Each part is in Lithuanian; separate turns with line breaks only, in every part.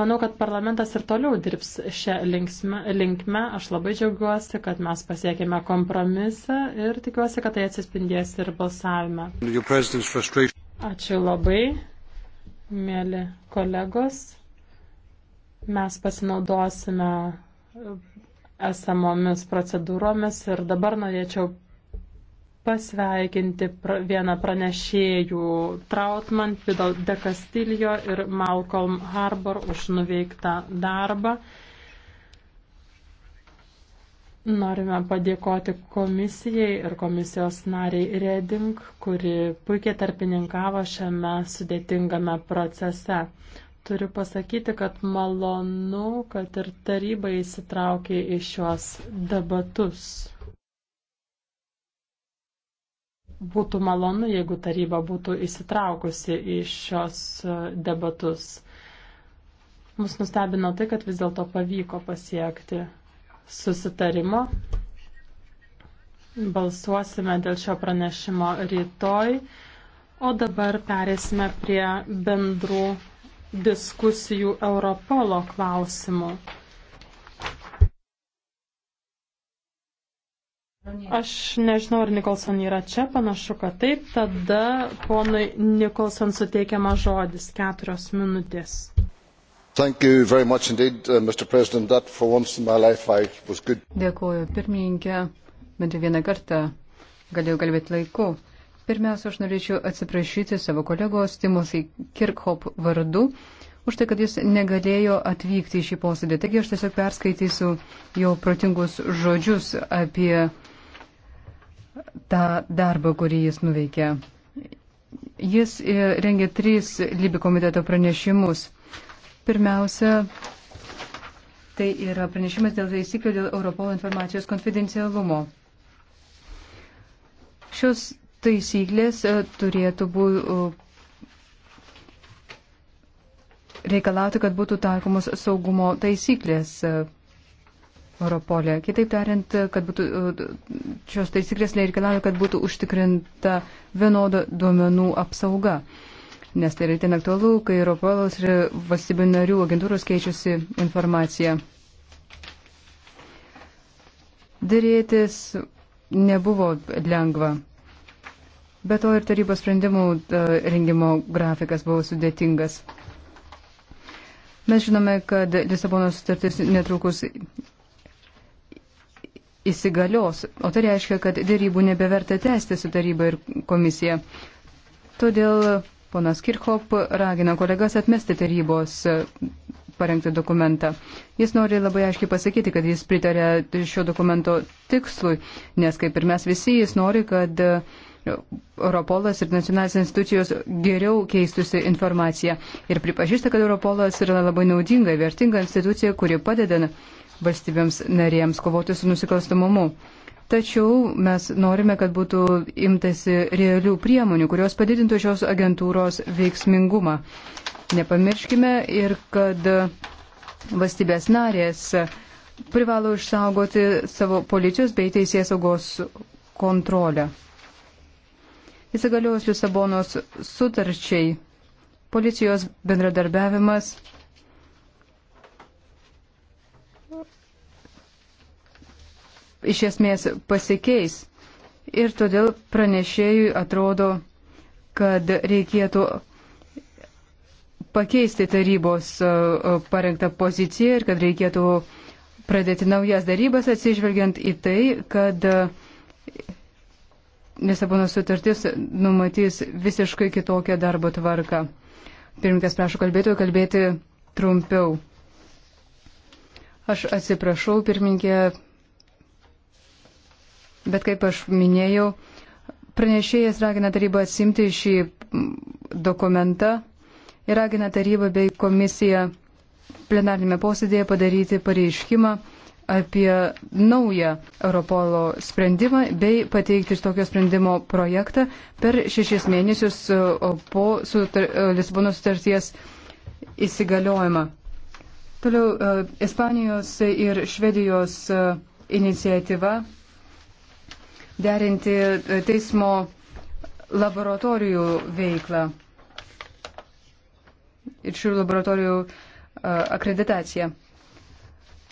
Manau, kad parlamentas ir toliau dirbs šią linkmę. Aš labai džiaugiuosi, kad mes pasiekėme kompromisą ir tikiuosi, kad tai atsispindės ir balsavime. Ačiū labai, mėly kolegos. Mes pasinaudosime esamomis procedūromis ir dabar norėčiau pasveikinti pra, vieną pranešėjų Trautman, Fidel de Castillo ir Malcolm Harbour už nuveiktą darbą. Norime padėkoti komisijai ir komisijos nariai Reding, kuri puikiai tarpininkavo šiame sudėtingame procese. Turiu pasakyti, kad malonu, kad ir taryba įsitraukė į šios debatus. Būtų malonu, jeigu taryba būtų įsitraukusi į šios e, debatus. Mus nustebino tai, kad vis dėlto pavyko pasiekti susitarimo. Balsuosime dėl šio pranešimo rytoj, o dabar perėsime prie bendrų diskusijų Europolo klausimų. Aš nežinau, ar Nikolson yra čia, panašu, kad taip. Tada ponui Nikolson suteikiama žodis keturios minutės.
Indeed, uh, life,
Dėkuoju, pirmininkė. Bent jau vieną kartą galėjau kalbėti laiku. Pirmiausia, aš norėčiau atsiprašyti savo kolegos Timothy Kirkhop vardu už tai, kad jis negalėjo atvykti į šį posėdį. Taigi aš tiesiog perskaitysiu jo protingus žodžius apie tą darbą, kurį jis nuveikė. Jis e, rengė tris Libi komiteto pranešimus. Pirmiausia, tai yra pranešimas dėl taisyklių dėl Europolo informacijos konfidencialumo. Šios taisyklės e, turėtų būti e, reikalauti, kad būtų taikomos saugumo taisyklės Europolė. Kitaip tariant, kad būtų, šios taisyklės reikalauja, kad būtų užtikrinta vienoda duomenų apsauga. Nes tai yra ten aktualu, kai Europolos ir valstybių narių agentūros keičiasi informacija. Dėrėtis nebuvo lengva. Be to ir tarybos sprendimų e, rengimo grafikas buvo sudėtingas. Mes žinome, kad Lisabonos sutartis netrukus įsigalios, o tai reiškia, kad dėrybų nebeverta tęsti su taryba ir komisija. Todėl ponas Kirchhoff ragina kolegas atmesti tarybos e, parengti dokumentą. Jis nori labai aiškiai pasakyti, kad jis pritarė šio dokumento tikslui, nes kaip ir mes visi, jis nori, kad e, Europolas ir nacionalinės institucijos geriau keistusi informaciją ir pripažįsta, kad Europolas yra labai naudinga, vertinga institucija, kuri padeda valstybėms narėms kovoti su nusikalstamumu. Tačiau mes norime, kad būtų imtasi realių priemonių, kurios padidintų šios agentūros veiksmingumą. Nepamirškime ir kad valstybės narės privalo išsaugoti savo policijos bei teisės saugos kontrolę. Įsigaliojus Lisabonos sutarčiai, policijos bendradarbiavimas iš esmės pasikeis. Ir todėl pranešėjui atrodo, kad reikėtų pakeisti tarybos e, e, parengtą poziciją ir kad reikėtų pradėti naujas darybas atsižvelgiant į tai, kad e, Lisabono sutartis numatys visiškai kitokią darbo tvarką. Pirmininkas prašo kalbėtojų kalbėti trumpiau. Aš atsiprašau, pirmininkė, Bet kaip aš minėjau, pranešėjas ragina tarybą atsimti šį dokumentą ir ragina tarybą bei komisiją plenarinėme posėdėje padaryti pareiškimą apie naują Europolo sprendimą bei pateikti tokio sprendimo projektą per šešis mėnesius po sutar, Lisabono sutarties įsigaliojimą. Toliau e, Ispanijos ir Švedijos e, iniciatyva derinti e, teismo laboratorijų veiklą ir šių laboratorijų e, akreditaciją.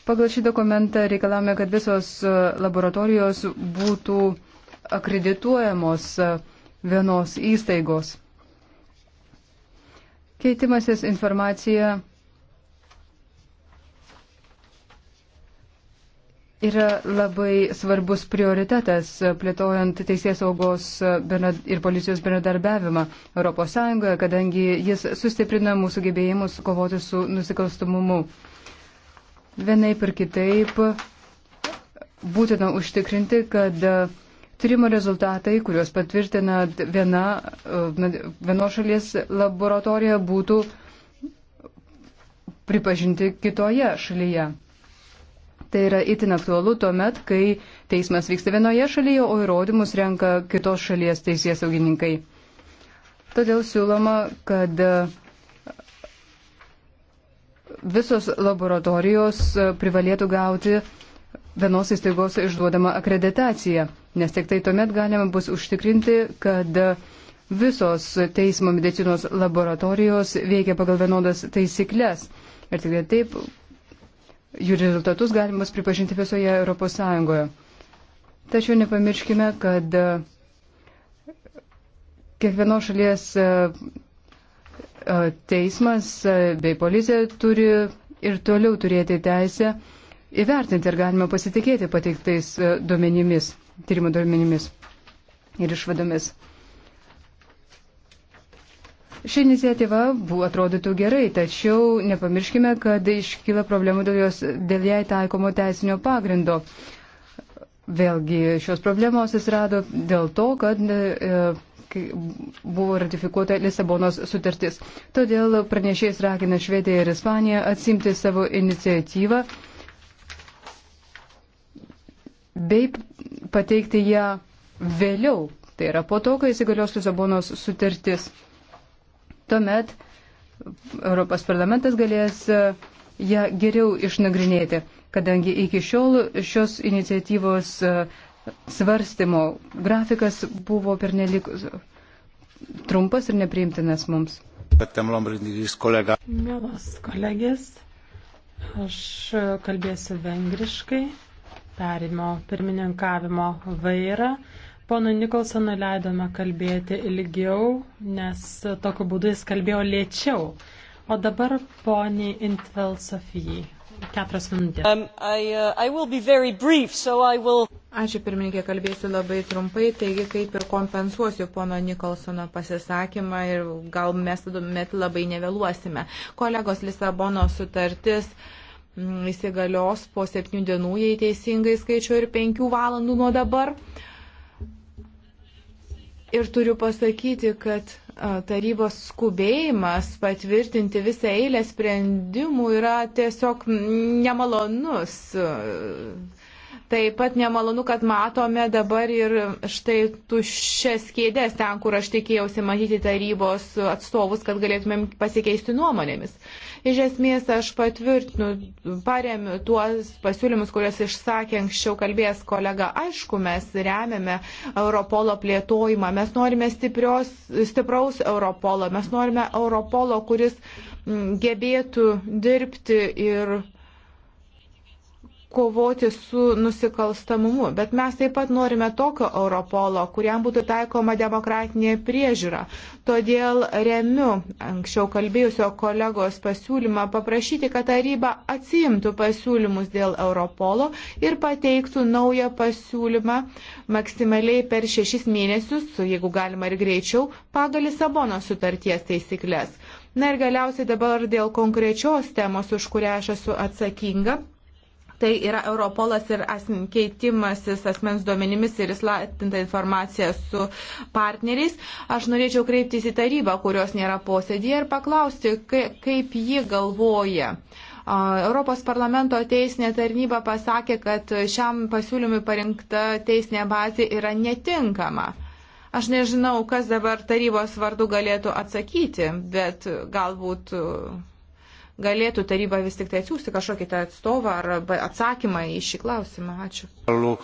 Pagal šį dokumentą reikalavome, kad visos e, laboratorijos būtų akredituojamos vienos įstaigos. Keitimasis informacija yra labai svarbus prioritetas plėtojant teisės saugos e, ir policijos bendradarbiavimą ES, kadangi jis sustiprina mūsų gebėjimus kovoti su nusikalstumumu. Vienaip ir kitaip būtina užtikrinti, kad e, tyrimo rezultatai, kuriuos patvirtina viena, e, vienos šalies laboratorija, būtų pripažinti kitoje šalyje. Tai yra itin aktualu tuo met, kai teismas vyksta vienoje šalyje, o įrodymus renka kitos šalies teisės augininkai. Todėl siūloma, kad e, visos laboratorijos e, privalėtų gauti vienos įstaigos išduodamą akreditaciją, nes tik tai tuomet galima bus užtikrinti, kad visos teismo medicinos laboratorijos veikia pagal vienodas taisyklės. Ir tik tai taip jų rezultatus galimas pripažinti visoje Europos Sąjungoje. Tačiau nepamirškime, kad e, kiekvienos šalies e, e, teismas bei policija turi ir toliau turėti teisę įvertinti, ar galima pasitikėti pateiktais duomenimis, tyrimo duomenimis ir išvadomis. Ši iniciatyva buvo atrodytų gerai, tačiau nepamirškime, kad iškyla problemų dėl, jos, dėl jai taikomo teisinio pagrindo. Vėlgi šios problemos atsirado dėl to, kad e, buvo ratifikuota Lisabonos sutartis. Todėl pranešėjas ragina Švediją ir Ispaniją atsimti savo iniciatyvą bei pateikti ją vėliau, tai yra po to, kai įsigalios Lisabonos sutartis tuomet Europos parlamentas galės e, ją geriau išnagrinėti, kadangi iki šiol šios iniciatyvos e, svarstymo grafikas buvo pernelik e, trumpas ir nepriimtinas mums. Mielos
kolegės, aš kalbėsiu vengriškai, perimo pirmininkavimo vairą. Pono Nikolsoną leidome kalbėti ilgiau, nes tokiu būdu jis kalbėjo lėčiau. O dabar poniai Intvel Sofijai. Keturios minutės. Um,
I, uh, I
brief, so will... Ačiū pirmininkė, kalbėsiu labai trumpai, taigi kaip ir kompensuosiu pono Nikolsono pasisakymą ir gal mes met labai nevėluosime. Kolegos Lisabono sutartis mm, įsigalios po septynių dienų, jei teisingai skaičiu, ir penkių valandų nuo dabar. Ir turiu pasakyti, kad tarybos skubėjimas patvirtinti visą eilę sprendimų yra tiesiog nemalonus. Taip pat nemalonu, kad matome dabar ir štai tuščias kėdės ten, kur aš tikėjausi matyti tarybos atstovus, kad galėtumėm pasikeisti nuomonėmis. Uh, Iš esmės aš patvirtinu, paremiu tuos pasiūlymus, kuriuos išsakė anksčiau kalbėjęs kolega. Aišku, mes remiame Europolo plėtojimą, mes norime stiprios, stipraus Europolo, mes norime Europolo, kuris gebėtų dirbti ir kovoti su nusikalstamumu. Bet mes taip pat norime tokio Europolo, kuriam būtų taikoma demokratinė priežiūra. Todėl remiu anksčiau kalbėjusio kolegos pasiūlymą paprašyti, kad taryba atsiimtų pasiūlymus dėl Europolo ir pateiktų naują pasiūlymą maksimaliai per šešis mėnesius, jeigu galima ir greičiau, pagal Lisabono sutarties taisyklės. Na ir galiausiai dabar dėl konkrečios temos, už kurią aš esu atsakinga Tai yra Europolas ir asmen, keitimasis asmens duomenimis ir įslatinta informacija su partneriais. Aš norėčiau kreiptis į tarybą, kurios nėra posėdėje ir paklausti, kaip ji galvoja. Europos parlamento teisinė tarnyba pasakė, kad šiam pasiūlymui parinkta teisinė bazė yra netinkama. Aš nežinau, kas dabar tarybos vardu galėtų atsakyti, bet galbūt galėtų taryba vis tik tai atsiųsti kažkokį tą atstovą ar atsakymą į šį klausimą.
Ačiū.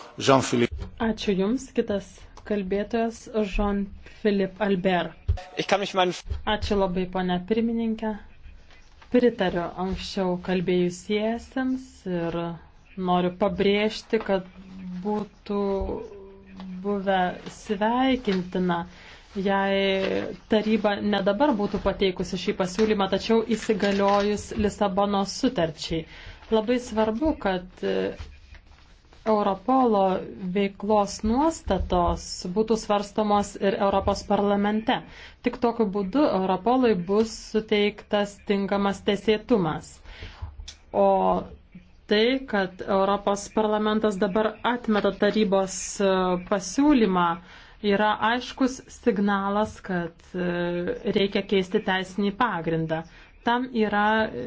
Ačiū Jums. Kitas kalbėtojas Jean-Philippe Albert. Ačiū labai, ponia pirmininkė. Pritariu anksčiau kalbėjusiesiems ir noriu pabrėžti, kad būtų buvę sveikintina, jei taryba ne dabar būtų pateikusi šį pasiūlymą, tačiau įsigaliojus Lisabonos sutarčiai. Labai svarbu, kad e, Europolo veiklos nuostatos būtų svarstomos ir Europos parlamente. Tik tokiu būdu Europolui bus suteiktas tinkamas teisėtumas. O tai, kad Europos parlamentas dabar atmeta tarybos e, pasiūlymą, uh, yra aiškus signalas, kad e, reikia keisti teisinį pagrindą. Tam yra e,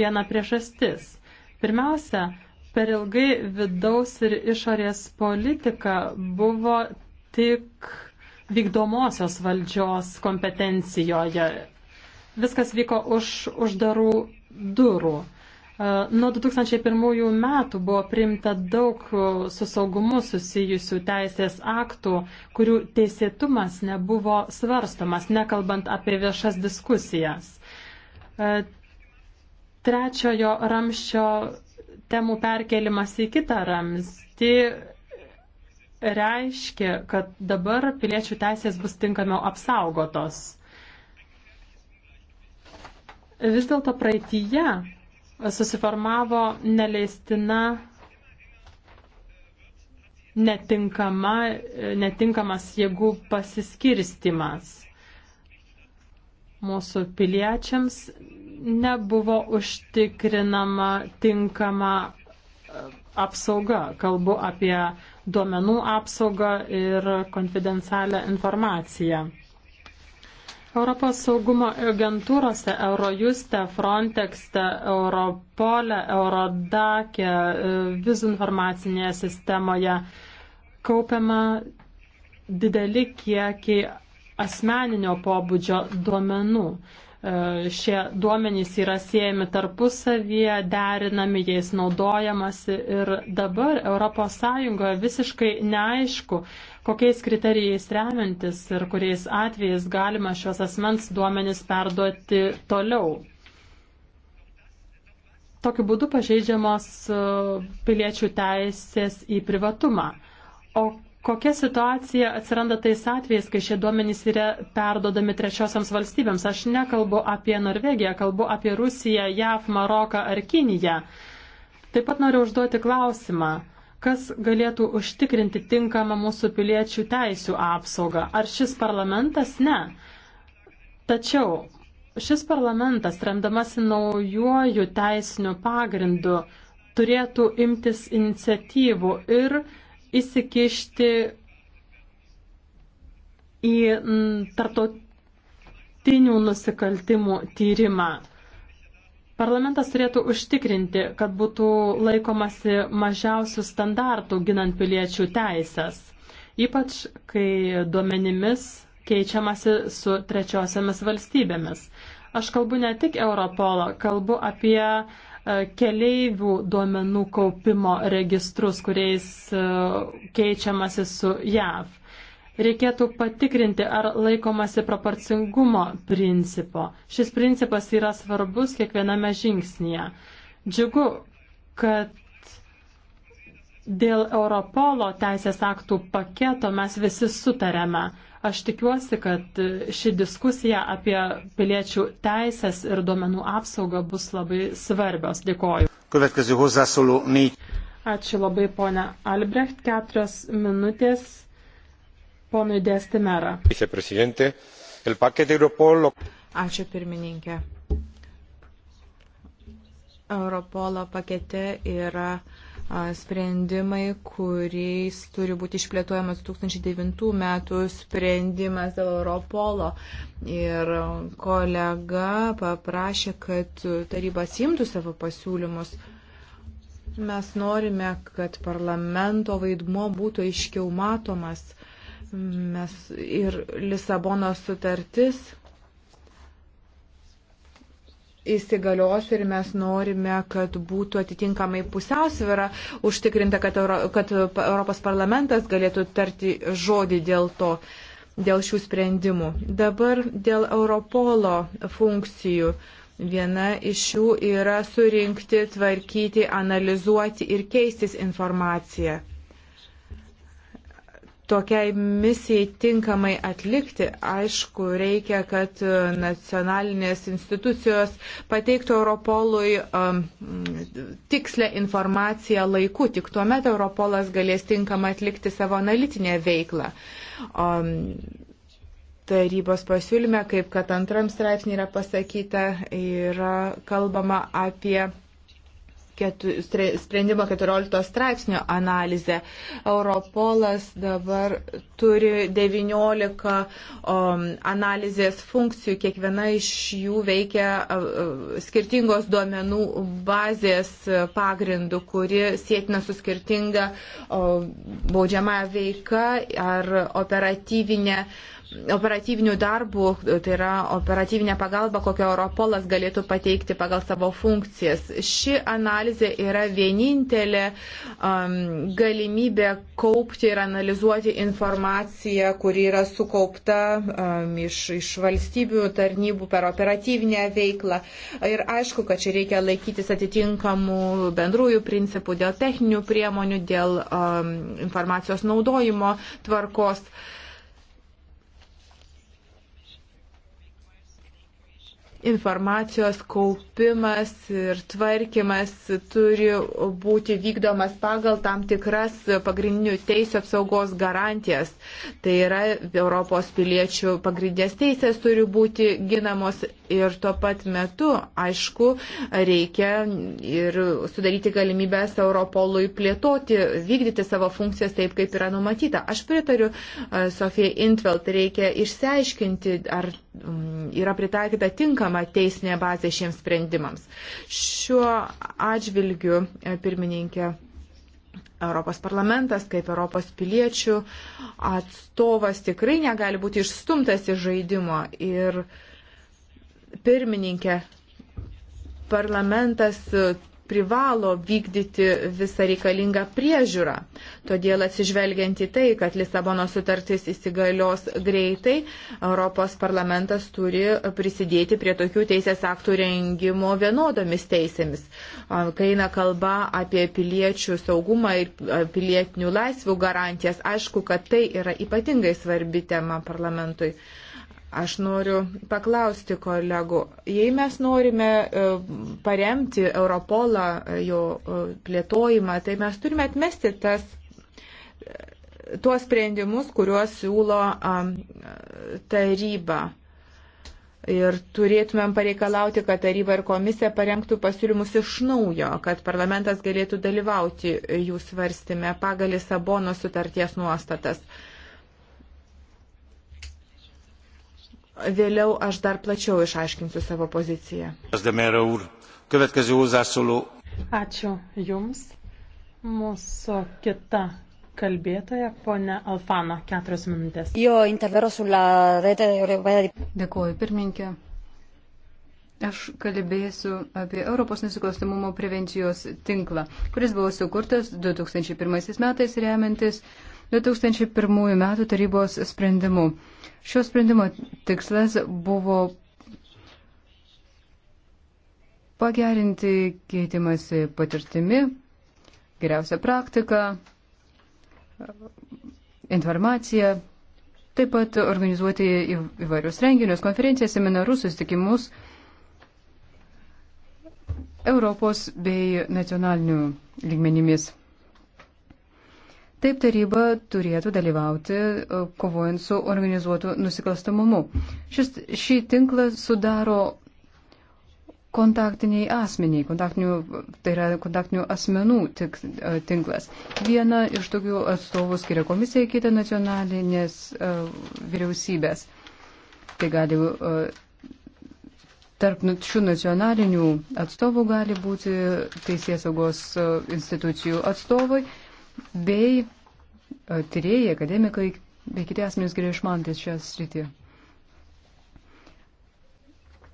viena priežastis. Pirmiausia, per ilgai vidaus ir išorės politika buvo tik vykdomosios valdžios kompetencijoje. Viskas vyko už uždarų durų. E, nuo 2001 metų buvo priimta daug e, su saugumu susijusių teisės aktų, kurių teisėtumas nebuvo svarstomas, nekalbant apie viešas diskusijas. E, trečiojo ramščio temų perkelimas į kitą ramstį reiškia, kad dabar piliečių teisės bus tinkamiau apsaugotos. Vis dėlto praeitįje susiformavo neleistina netinkama, netinkamas jėgų pasiskirstimas. Mūsų piliečiams nebuvo užtikrinama tinkama e, apsauga. Kalbu apie duomenų apsaugą ir konfidencialią informaciją. Europos saugumo agentūrose, Eurojuste, Frontexte, Europole, Eurodake, e, vizų informacinėje sistemoje kaupiama dideli kiekiai asmeninio pobūdžio duomenų. E, šie duomenys yra siejami tarpusavyje, derinami, jais naudojamasi ir dabar ES visiškai neaišku, kokiais kriterijais remiantis ir kuriais atvejais galima šios asmens duomenis perduoti toliau. Tokiu būdu pažeidžiamos e, piliečių teisės į privatumą. O kokia situacija atsiranda tais atvejais, kai šie duomenys yra perdodami trečiosiams valstybėms? Aš nekalbu apie Norvegiją, kalbu apie Rusiją, JAV, Maroką ar Kiniją. Taip pat noriu užduoti klausimą kas galėtų užtikrinti tinkamą mūsų piliečių teisių apsaugą. Ar šis parlamentas? Ne. Tačiau šis parlamentas, remdamasi naujuoju teisiniu pagrindu, turėtų imtis iniciatyvų ir įsikišti į tarptautinių nusikaltimų tyrimą. Parlamentas turėtų užtikrinti, kad būtų laikomasi mažiausių standartų ginant piliečių teisės, ypač kai duomenimis keičiamasi su trečiosiamis valstybėmis. Aš kalbu ne tik Europolą, kalbu apie e, keleivių duomenų kaupimo registrus, kuriais e, keičiamasi su JAV reikėtų patikrinti, ar laikomasi proporcingumo principo. Šis principas yra svarbus kiekviename žingsnėje. Džiugu, kad dėl Europolo teisės aktų paketo mes visi sutarėme. Aš tikiuosi, kad ši diskusija apie piliečių teisės ir duomenų apsaugą bus labai svarbios. Dėkoju. Ačiū labai, ponia Albrecht. Keturios minutės ponui Destimera. Ačiū pirmininkė.
Europolo pakete yra sprendimai, kuriais turi būti išplėtojamas 2009 metų sprendimas dėl Europolo. Ir kolega paprašė, kad taryba simtų savo pasiūlymus. Mes norime, kad parlamento vaidmo būtų aiškiau matomas. Uh, Mes ir Lisabonos sutartis įsigalios ir mes norime, kad būtų atitinkamai pusiausvėra užtikrinta, kad, Euro, kad Europos parlamentas galėtų tarti žodį dėl to, dėl šių sprendimų. Dabar dėl Europolo funkcijų. Viena iš jų yra surinkti, tvarkyti, analizuoti ir keistis informaciją tokiai misijai tinkamai atlikti, aišku, reikia, kad e, nacionalinės institucijos pateiktų Europolui um, tikslę informaciją laiku, tik tuomet Europolas galės tinkamai atlikti savo analitinę veiklą. Um, tarybos pasiūlyme, kaip kad antram straipsnį yra pasakyta, yra kalbama apie ketu, sprendimo 14 straipsnio analizę. Europolas dabar turi 19 um, analizės funkcijų, kiekviena iš jų veikia uh, uh, skirtingos duomenų bazės pagrindų, kuri sėtina su skirtinga uh, baudžiama veika ar operatyvinė uh, operatyvinių darbų, tai yra operatyvinė pagalba, kokią Europolas galėtų pateikti pagal savo funkcijas. Ši analizė yra vienintelė um, galimybė kaupti ir analizuoti informaciją, kuri yra sukaupta um, iš, iš valstybių tarnybų per operatyvinę veiklą. Ir aišku, kad čia reikia laikytis atitinkamų bendrųjų principų dėl techninių priemonių, dėl um, informacijos naudojimo tvarkos. Uh, informacijos kaupimas ir tvarkymas turi būti vykdomas pagal tam tikras pagrindinių teisų apsaugos garantijas. Tai yra Europos piliečių pagrindinės teisės turi būti ginamos ir tuo pat metu, aišku, reikia ir sudaryti galimybės Europolui plėtoti, vykdyti savo funkcijas taip, kaip yra numatyta. Aš pritariu e, Sofija Intvelt, reikia išsiaiškinti, ar Mm, yra pritaikyta tinkama teisinė bazė šiems sprendimams. Šiuo atžvilgiu, e, pirmininkė, Europos parlamentas, kaip Europos piliečių atstovas tikrai negali būti išstumtas iš žaidimo. Ir pirmininkė, parlamentas privalo vykdyti visą reikalingą priežiūrą. Todėl atsižvelgiant į tai, kad Lisabono sutartis įsigalios greitai, Europos parlamentas turi prisidėti prie tokių teisės aktų rengimo vienodomis teisėmis. Kai eina kalba apie piliečių saugumą ir pilietinių laisvių garantijas, aišku, kad tai yra ypatingai svarbi tema parlamentui. Aš noriu paklausti kolegų, jei mes norime e, paremti Europolą, e, jo e, plėtojimą, tai mes turime atmesti tas, tuos sprendimus, kuriuos siūlo taryba. Ir turėtumėm pareikalauti, kad taryba ir komisija parengtų pasiūlymus iš naujo, kad parlamentas galėtų dalyvauti jų svarstymę pagal Lisabono sutarties nuostatas. Uh, Vėliau aš dar plačiau išaiškinsiu savo poziciją.
Ačiū Jums. Mūsų kita kalbėtoja, ponė Alfano, keturios minutės. Jo
intervero sulla rete europea. Dėkuoju, pirmininkė. Aš kalbėsiu apie Europos nusikalstamumo prevencijos tinklą, kuris buvo sukurtas 2001 metais remiantis 2001 metų tarybos sprendimu. Šio sprendimo tikslas buvo pagerinti keitimąsi patirtimi, geriausią praktiką, informaciją, taip pat organizuoti įvairius renginius, konferencijas, seminarus, susitikimus Europos bei nacionalinių lygmenimis. Taip taryba turėtų dalyvauti e, kovojant su organizuotu nusikalstamumu. Šis, šį tinklą sudaro kontaktiniai asmeniai, kontaktinių, tai yra kontaktinių asmenų tik, e, tinklas. Vieną iš tokių atstovų skiria komisija, kitą nacionalinės e, vyriausybės. Tai gali, tarp nu, šių nacionalinių atstovų gali būti teisės saugos institucijų atstovai bei e, tyrėjai, akademikai, bei kiti asmenys gerai išmantis šią sritį.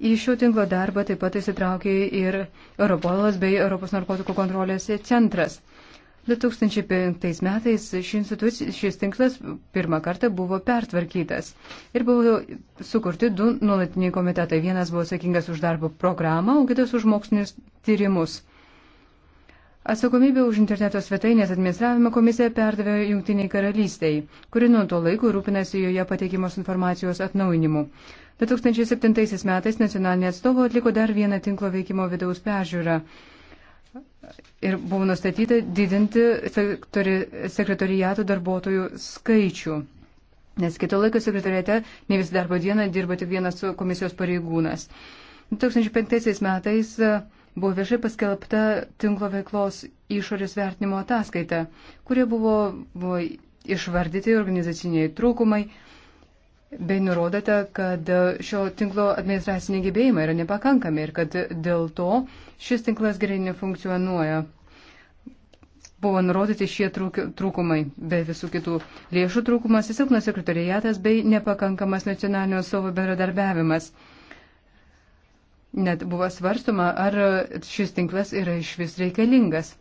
Į šio tinklo darbą taip pat įsitraukė ir Europolas bei Europos narkotikų kontrolės centras. 2005 metais šis, šis tinklas pirmą kartą buvo pertvarkytas ir buvo sukurti du nuolatiniai komitetai. Vienas buvo sakingas už darbo programą, o kitas už mokslinius tyrimus. Atsakomybę už interneto svetainės administravimą komisija perdavė Junktiniai karalystiai, kuri nuo to laiko rūpinasi joje pateikimos informacijos atnauinimu. 2007 metais nacionalinė atstovo atliko dar vieną tinklo veikimo vidaus pežiūrą ir buvo nustatyta didinti sekretorijato darbuotojų skaičių. Nes kito laiko sekretorijate ne visą darbo dieną dirba tik vienas komisijos pareigūnas. 2005 metais buvo viešai paskelbta tinklo veiklos išorės vertinimo ataskaita, kurie buvo, buvo išvardyti organizaciniai trūkumai, bei nurodyta, kad šio tinklo administraciniai gebėjimai yra nepakankami ir kad dėl to šis tinklas gerai nefunkcionuoja. Buvo nurodyti šie trūk, trūkumai, be visų kitų lėšų trūkumas, silpnas sekretariatas bei nepakankamas nacionalinio savo bendradarbiavimas net buvo svarstoma, ar šis tinklas yra iš vis reikalingas.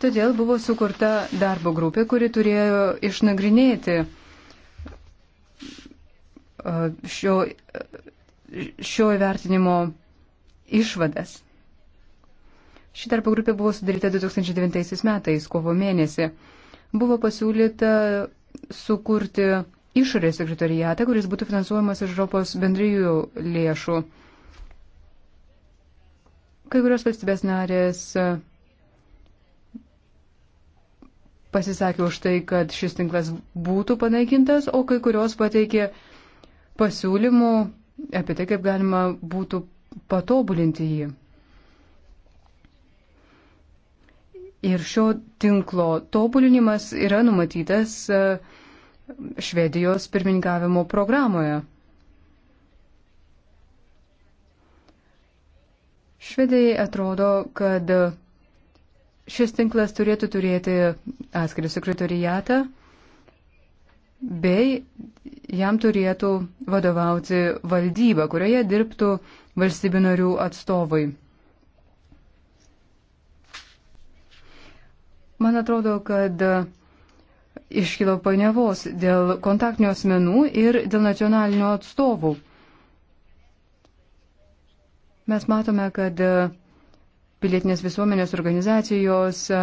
Todėl buvo sukurta darbo grupė, kuri turėjo išnagrinėti šio, šio įvertinimo išvadas. Ši darbo grupė buvo sudaryta 2009 metais, kovo mėnesį. Buvo pasiūlyta sukurti išorės sekretariatą, kuris būtų finansuojamas iš Europos bendrijų lėšų. Kai kurios valstybės narės e, pasisakė už tai, kad šis tinklas būtų panaikintas, o kai kurios pateikė pasiūlymų apie tai, kaip galima būtų patobulinti jį. Ir šio tinklo tobulinimas yra numatytas uh, Švedijos pirmininkavimo programoje. Švedijai atrodo, kad šis tinklas turėtų turėti atskirį sekretorijatą, bei jam turėtų vadovauti valdyba, kurioje dirbtų valstybių narių atstovai. Man atrodo, kad iškilo painiavos dėl kontaktinių asmenų ir dėl nacionalinių atstovų. Mes matome, kad e, pilietinės visuomenės organizacijos, e,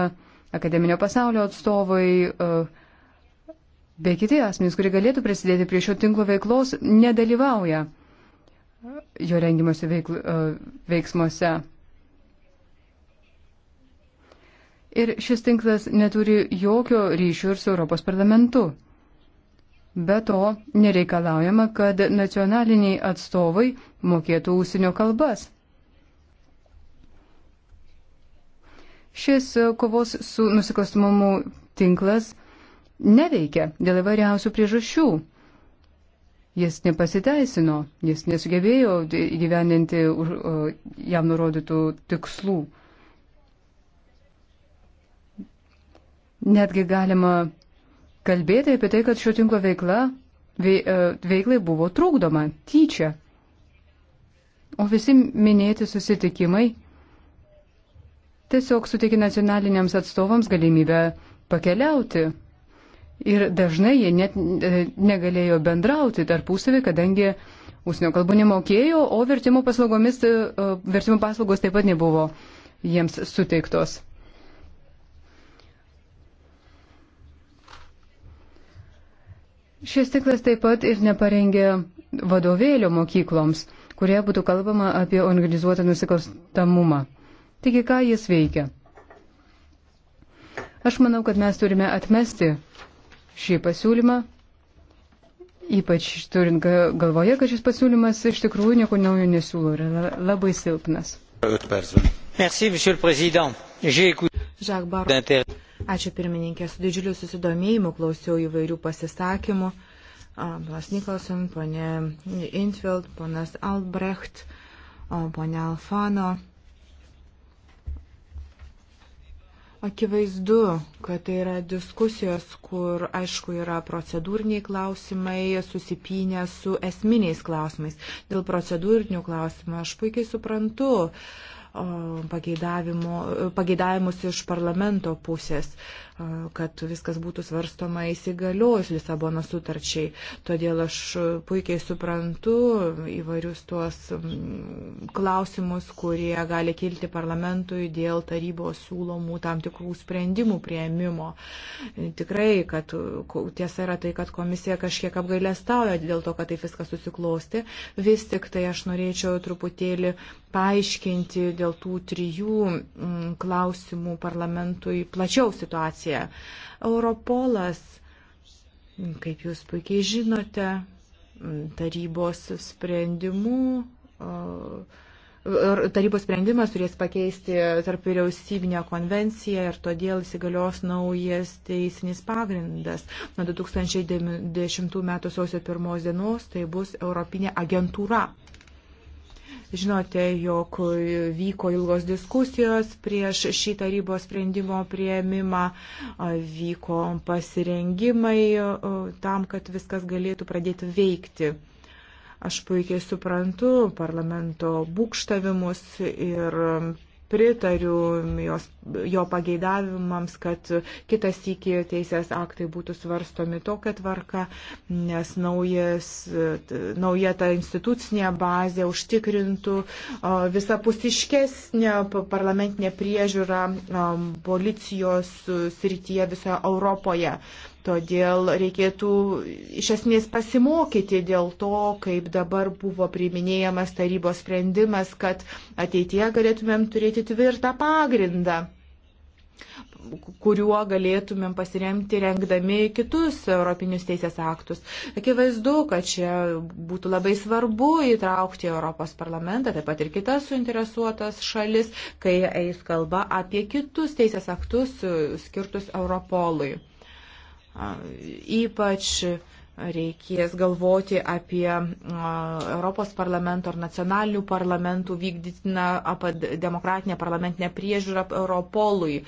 akademinio pasaulio atstovai, e, bei kiti asmenys, kurie galėtų prisidėti prie šio tinklo veiklos, nedalyvauja jo rengimuose veikl... veiksmuose. ir šis tinklas neturi jokio ryšio ir su Europos parlamentu. Be to, nereikalaujama, kad nacionaliniai atstovai mokėtų ūsinio kalbas. Šis kovos su nusikalstamumu tinklas neveikia dėl įvairiausių priežasčių. Jis nepasiteisino, jis nesugebėjo gyveninti jam nurodytų tikslų. Netgi galima kalbėti apie tai, kad šio tinklo veikla, e, veiklai buvo trukdoma tyčia. O visi minėti susitikimai tiesiog suteikė nacionaliniams atstovams galimybę pakeliauti. Ir dažnai jie net e, negalėjo bendrauti tarpusavį, kadangi užsienio kalbų nemokėjo, o vertimo, e, vertimo paslaugos taip pat nebuvo jiems suteiktos. Šis tikslas taip pat ir neparengė vadovėlio mokykloms, kurie būtų kalbama apie organizuotą nusikalstamumą. Taigi, ką jis veikia? Aš manau, kad mes turime atmesti šį pasiūlymą, ypač turint galvoje, kad šis pasiūlymas iš tikrųjų nieko naujo nesiūlo, yra labai silpnas. Merci, Ačiū
pirmininkė, su didžiuliu susidomėjimu klausiau įvairių pasisakymų. Blas Nikolson, ponė Intveld, ponas Albrecht, ponė Alfano. Akivaizdu, kad tai yra diskusijos, kur, aišku, yra procedūriniai klausimai susipinę su esminiais klausimais. Dėl procedūrinių klausimų aš puikiai suprantu. Uh, pageidavimus iš parlamento pusės kad viskas būtų svarstoma įsigaliojus Lisabono sutarčiai. Todėl aš puikiai suprantu įvairius tuos mm, klausimus, kurie gali kilti parlamentui dėl tarybos siūlomų tam tikrų sprendimų prieimimo. Tikrai, kad tiesa yra tai, kad komisija kažkiek apgailestauja dėl to, kad taip viskas susiklosti. Vis tik tai aš norėčiau truputėlį paaiškinti dėl tų trijų mm, klausimų parlamentui plačiau situaciją situaciją. Europolas, kaip jūs puikiai žinote, tarybos sprendimu. Tarybos sprendimas turės pakeisti tarp vyriausybinę konvenciją ir todėl įsigalios naujas teisinis pagrindas. Nuo 2010 m. sausio 1 dienos tai bus Europinė agentūra. Žinote, jog vyko ilgos diskusijos prieš šį tarybos sprendimo prieimimą, vyko pasirengimai tam, kad viskas galėtų pradėti veikti. Aš puikiai suprantu parlamento būkštavimus ir pritariu jos, jo pageidavimams, kad kitas iki teisės aktai būtų svarstomi tokia tvarka, nes naujas, nauja ta institucinė bazė užtikrintų visapusiškesnę parlamentinę priežiūrą policijos srityje visoje Europoje. Todėl reikėtų iš esmės pasimokyti dėl to, kaip dabar buvo priiminėjamas tarybos sprendimas, kad ateitie galėtumėm turėti tvirtą pagrindą kuriuo galėtumėm pasiremti rengdami kitus Europinius teisės aktus. Akivaizdu, kad čia būtų labai svarbu įtraukti Europos parlamentą, taip pat ir kitas suinteresuotas šalis, kai eis kalba apie kitus teisės aktus skirtus Europolui ypač reikės galvoti apie Europos parlamento ar nacionalinių parlamentų vykdytiną demokratinę parlamentinę priežiūrą Europolui.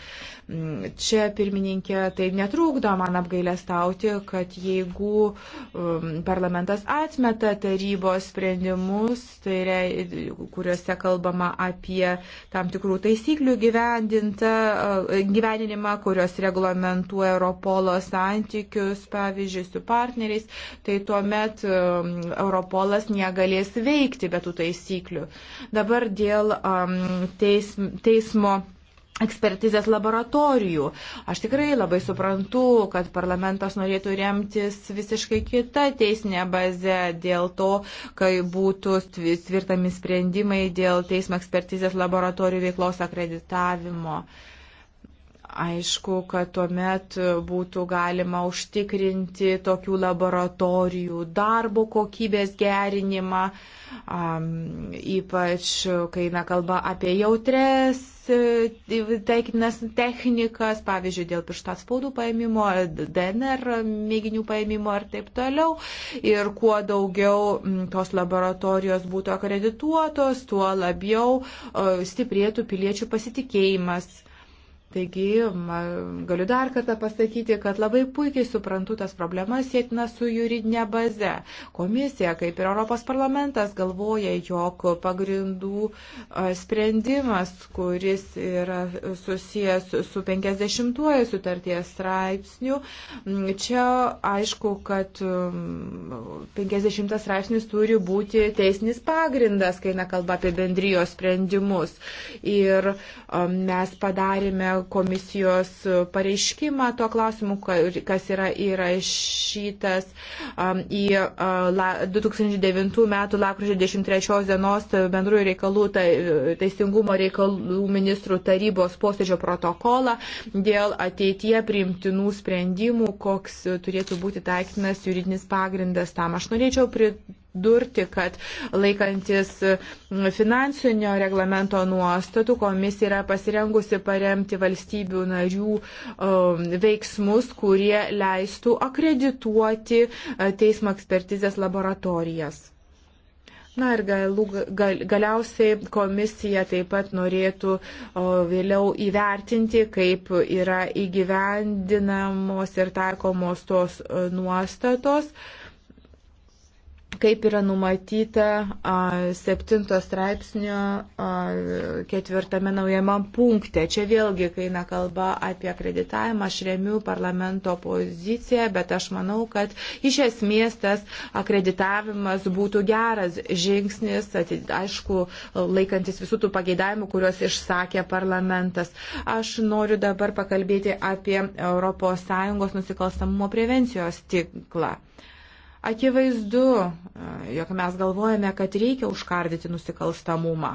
Mm, čia, pirmininkė, tai netrūkdo man apgailestauti, kad jeigu um, parlamentas atmeta tarybos sprendimus, tai re, kuriuose kalbama apie tam tikrų taisyklių gyvendinimą, kurios reglamentuoja Europolo santykius, pavyzdžiui, su partneriais, nariais, tai tuomet um, Europolas negalės veikti be tų taisyklių. Dabar dėl um, teismo ekspertizės laboratorijų. Aš tikrai labai suprantu, kad parlamentas norėtų remtis visiškai kita teisinė bazė dėl to, kai būtų tvirtami sprendimai dėl teismo ekspertizės laboratorijų veiklos akreditavimo. Uh, Aišku, kad tuomet būtų galima užtikrinti tokių laboratorijų darbo kokybės gerinimą, um, ypač kai eina kalba apie jautres e, taikytinas technikas, pavyzdžiui, dėl pirštų atspaudų paėmimo, DNR mėginių paėmimo ir taip toliau. Ir kuo daugiau tos laboratorijos būtų akredituotos, tuo labiau e, stiprėtų piliečių pasitikėjimas Taigi galiu dar kartą pasakyti, kad labai puikiai suprantu tas problemas sėtina su juridinė baze. Komisija, kaip ir Europos parlamentas, galvoja, jog pagrindų sprendimas, kuris yra susijęs su 50-uoju sutarties straipsniu, čia aišku, kad 50 straipsnis turi būti teisnis pagrindas, kai nekalba apie bendrijos sprendimus. Ir mes padarėme komisijos pareiškimą tuo klausimu, kas yra įrašytas um, į 2009 uh, m. lapkričio 23 dienos bendrųjų reikalų, teisingumo reikalų ministrų tarybos posėdžio protokolą dėl ateitie priimtinų sprendimų, koks turėtų būti taikinas juridinis pagrindas tam. Aš norėčiau pridurti pridurti, kad laikantis finansinio reglamento nuostatų komisija yra pasirengusi paremti valstybių narių um, veiksmus, kurie leistų akredituoti uh, teismo ekspertizės laboratorijas. Na ir galų, gal, galiausiai komisija taip pat norėtų o, vėliau įvertinti, kaip yra įgyvendinamos ir taikomos tos nuostatos. O, kaip yra numatyta septinto straipsnio ketvirtame naujame punkte. Čia vėlgi, kai eina kalba apie akreditavimą, aš remiu parlamento poziciją, bet aš manau, kad iš esmės tas akreditavimas būtų geras žingsnis, aišku, laikantis visų tų pageidavimų, kuriuos išsakė parlamentas. Aš noriu dabar pakalbėti apie ES nusikalstamumo prevencijos tiklą. Akivaizdu, e, jog mes galvojame, kad reikia užkardyti nusikalstamumą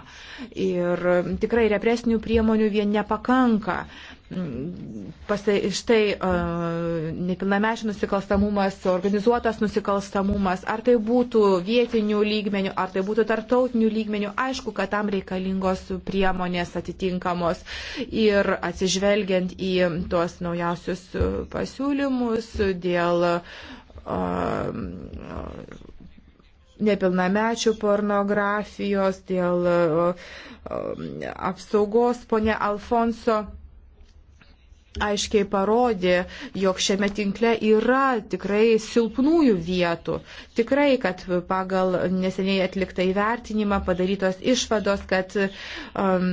ir tikrai represinių priemonių vien nepakanka. Pasi, štai e, nepilnamečių nusikalstamumas, organizuotas nusikalstamumas, ar tai būtų vietinių lygmenių, ar tai būtų tartautinių lygmenių, aišku, kad tam reikalingos priemonės atitinkamos ir atsižvelgiant į tuos naujausius pasiūlymus dėl Um, nepilnamečių pornografijos, dėl um, apsaugos. Pone Alfonso aiškiai parodė, jog šiame tinkle yra tikrai silpnųjų vietų. Tikrai, kad pagal neseniai atliktą įvertinimą padarytos išvados, kad um,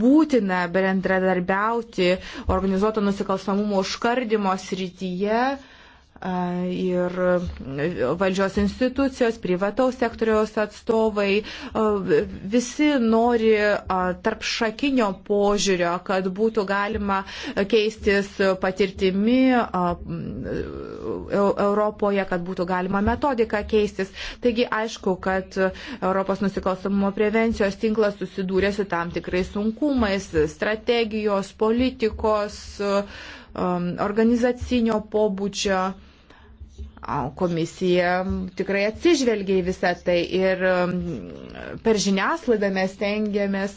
būtina bendradarbiauti organizuoto nusikalstamumo užkardimo srityje. Uh, ir e, valdžios institucijos, privataus sektoriaus atstovai, visi nori tarp šakinio požiūrio, kad būtų galima keistis patirtimi e, Europoje, kad būtų galima metodiką keistis. Taigi aišku, kad Europos nusikalstamumo prevencijos tinklas susidūrė su tam tikrais sunkumais, strategijos, politikos, organizacinio pobūdžio. Komisija tikrai atsižvelgia į visą tai ir um, per žiniaslaidą mes tengiamės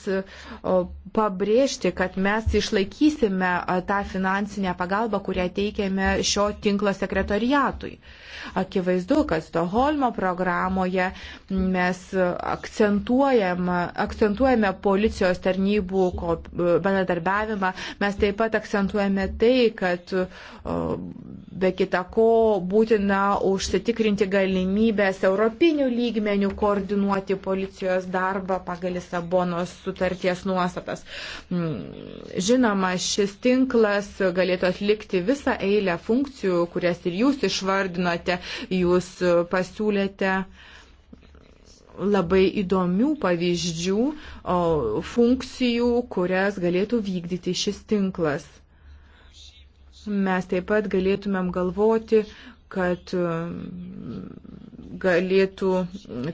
pabrėžti, kad mes išlaikysime tą finansinę pagalbą, kurią teikėme šio tinklo sekretoriatui. Akivaizdu, kad Stoholmo programoje mes akcentuojame, akcentuojame policijos tarnybų bendradarbiavimą, mes taip pat akcentuojame tai, kad be kita ko būtina turime užsitikrinti galimybės europinių lygmenių koordinuoti policijos darbą pagal Lisabonos sutarties nuostatas. Mm, žinoma, šis tinklas galėtų atlikti visą eilę funkcijų, kurias ir jūs išvardinote, jūs pasiūlėte labai įdomių pavyzdžių, funkcijų, kurias galėtų vykdyti šis tinklas. Mes taip pat galėtumėm galvoti, kad um, galėtų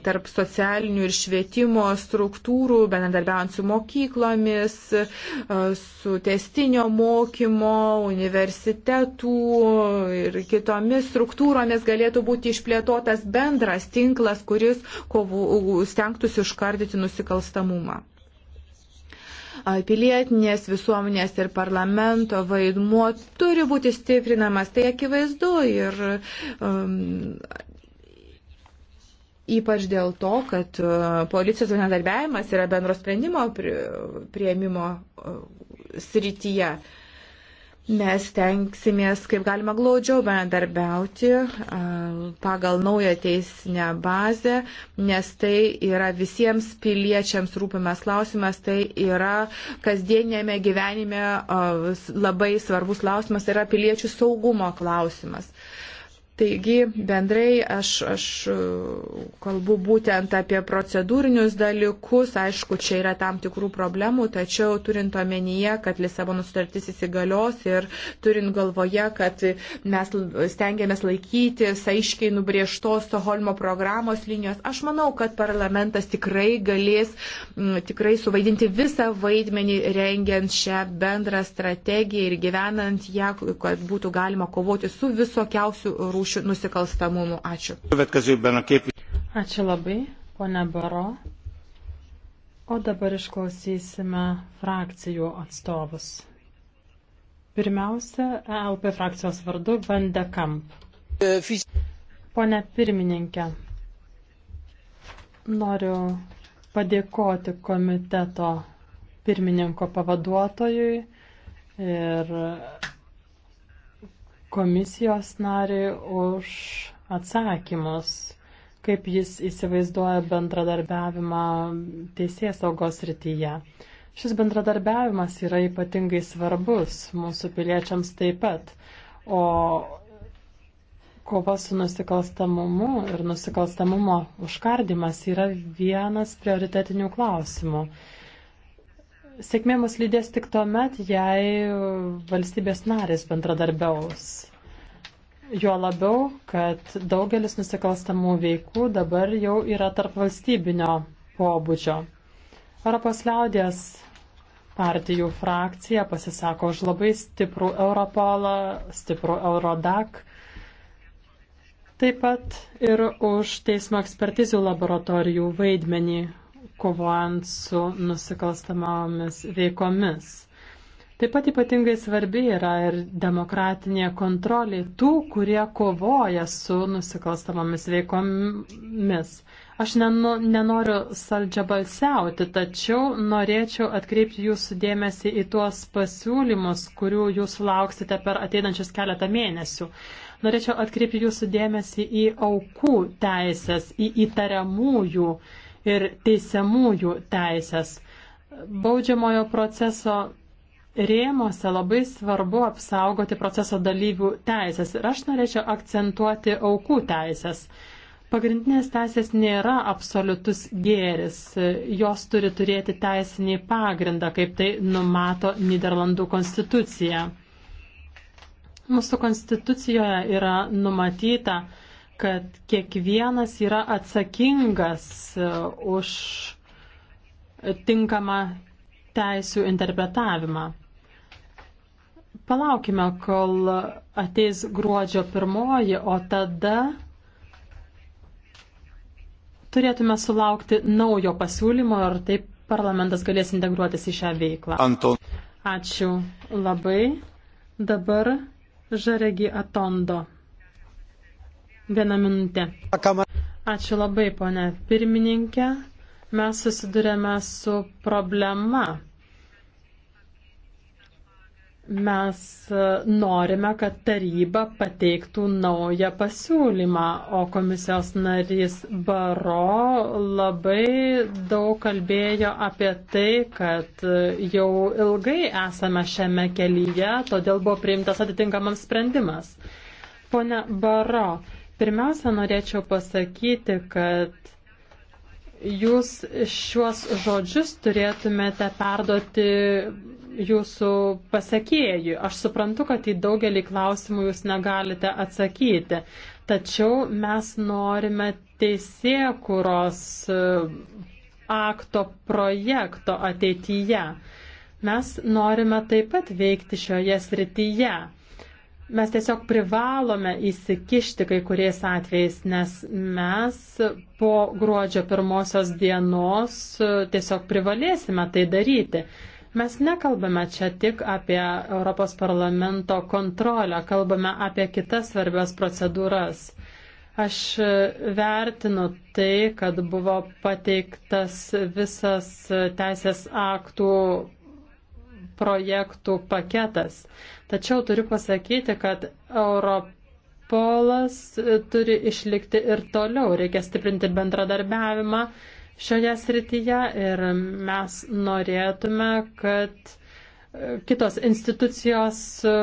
tarp socialinių ir švietimo struktūrų, bendradarbiaujant su mokyklomis, uh, su testinio mokymo, universitetų ir kitomis struktūromis galėtų būti išplėtotas bendras tinklas, kuris kovų, stengtųsi užkardyti nusikalstamumą pilietinės visuomenės ir parlamento vaidmuo turi būti stiprinamas, tai akivaizdu ir um, ypač dėl to, kad uh, policijos bendradarbiavimas yra bendro sprendimo prieimimo uh, srityje. Uh, Mes tenksimės, kaip galima glaudžiau bendarbiauti pagal naują teisinę bazę, nes tai yra visiems piliečiams rūpimas klausimas, tai yra kasdienėme gyvenime labai svarbus klausimas, tai yra piliečių saugumo klausimas. Taigi bendrai aš, aš e, kalbu būtent apie procedūrinius dalykus, aišku, čia yra tam tikrų problemų, tačiau turint omenyje, kad Lisabono sutartis įsigalios ir turint galvoje, kad mes stengiamės laikytis aiškiai nubrieštos Stoholmo programos linijos, aš manau, kad parlamentas tikrai galės m, tikrai suvaidinti visą vaidmenį rengiant šią bendrą strategiją ir gyvenant ją, kad būtų galima kovoti su visokiausių rūšių rūšių nusikalstamumu. Ačiū.
Ačiū labai, ponia Baro. O dabar išklausysime frakcijų atstovus. Pirmiausia, ELP frakcijos vardu Vande Kamp. Pone pirmininkė, noriu padėkoti komiteto pirmininko pavaduotojui ir komisijos nariui už atsakymus, kaip jis įsivaizduoja bendradarbiavimą teisės saugos rytyje. Šis bendradarbiavimas yra ypatingai svarbus mūsų piliečiams taip pat, o kova su nusikalstamumu ir nusikalstamumo užkardimas yra vienas prioritetinių klausimų. Sėkmė mus lydės tik tuo met, jei valstybės narės bendradarbiaus. Jo labiau, kad daugelis nusikalstamų veikų dabar jau yra tarp valstybinio pobūdžio. Europos liaudės partijų frakcija pasisako už labai stiprų Europolą, stiprų Eurodak, taip pat ir už teismo ekspertizių laboratorijų vaidmenį, kovojant su nusikalstamomis veikomis. Taip pat ypatingai svarbi yra ir demokratinė kontrolė tų, kurie kovoja su nusikalstamomis veikomis. Aš nenu, nenoriu saldžia balsiauti, tačiau norėčiau atkreipti jūsų dėmesį į tuos pasiūlymus, kurių jūs lauksite per ateinančius keletą mėnesių. Norėčiau atkreipti jūsų dėmesį į aukų teisės, į įtariamųjų teisės ir teisiamųjų teisės. Baudžiamojo proceso rėmose labai svarbu apsaugoti proceso dalyvių teisės ir aš norėčiau akcentuoti aukų teisės. Pagrindinės teisės nėra absoliutus gėris, jos turi turėti teisinį pagrindą, kaip tai numato Niderlandų konstitucija. Mūsų konstitucijoje yra numatyta, kad kiekvienas yra atsakingas e, už tinkamą teisų interpretavimą. Palaukime, kol ateis gruodžio pirmoji, o tada turėtume sulaukti naujo pasiūlymo ir taip parlamentas galės integruotis į šią veiklą. Anton. Ačiū labai. Dabar Žaregi Atondo Vieną minutę. Ačiū labai, ponė pirmininkė. Mes susidurėme su problema. Mes norime, kad taryba pateiktų naują pasiūlymą, o komisijos narys Baro labai daug kalbėjo apie tai, kad jau ilgai esame šiame kelyje, todėl buvo priimtas atitinkamams sprendimas. Pone Baro, Pirmiausia, norėčiau pasakyti, kad jūs šiuos žodžius turėtumėte perduoti jūsų pasakėjui. Aš suprantu, kad į daugelį klausimų jūs negalite atsakyti, tačiau mes norime teisėkuros e, akto projekto ateityje. Mes norime taip pat veikti šioje srityje. Mes tiesiog privalome įsikišti kai kuriais atvejais, nes mes po gruodžio pirmosios dienos tiesiog privalėsime tai daryti. Mes nekalbame čia tik apie Europos parlamento kontrolę, kalbame apie kitas svarbios procedūras. Aš vertinu tai, kad buvo pateiktas visas teisės aktų projektų paketas. Tačiau turiu pasakyti, kad Europolas e, turi išlikti ir toliau. Reikia stiprinti bendradarbiavimą šioje srityje ir mes norėtume, kad e, kitos institucijos e,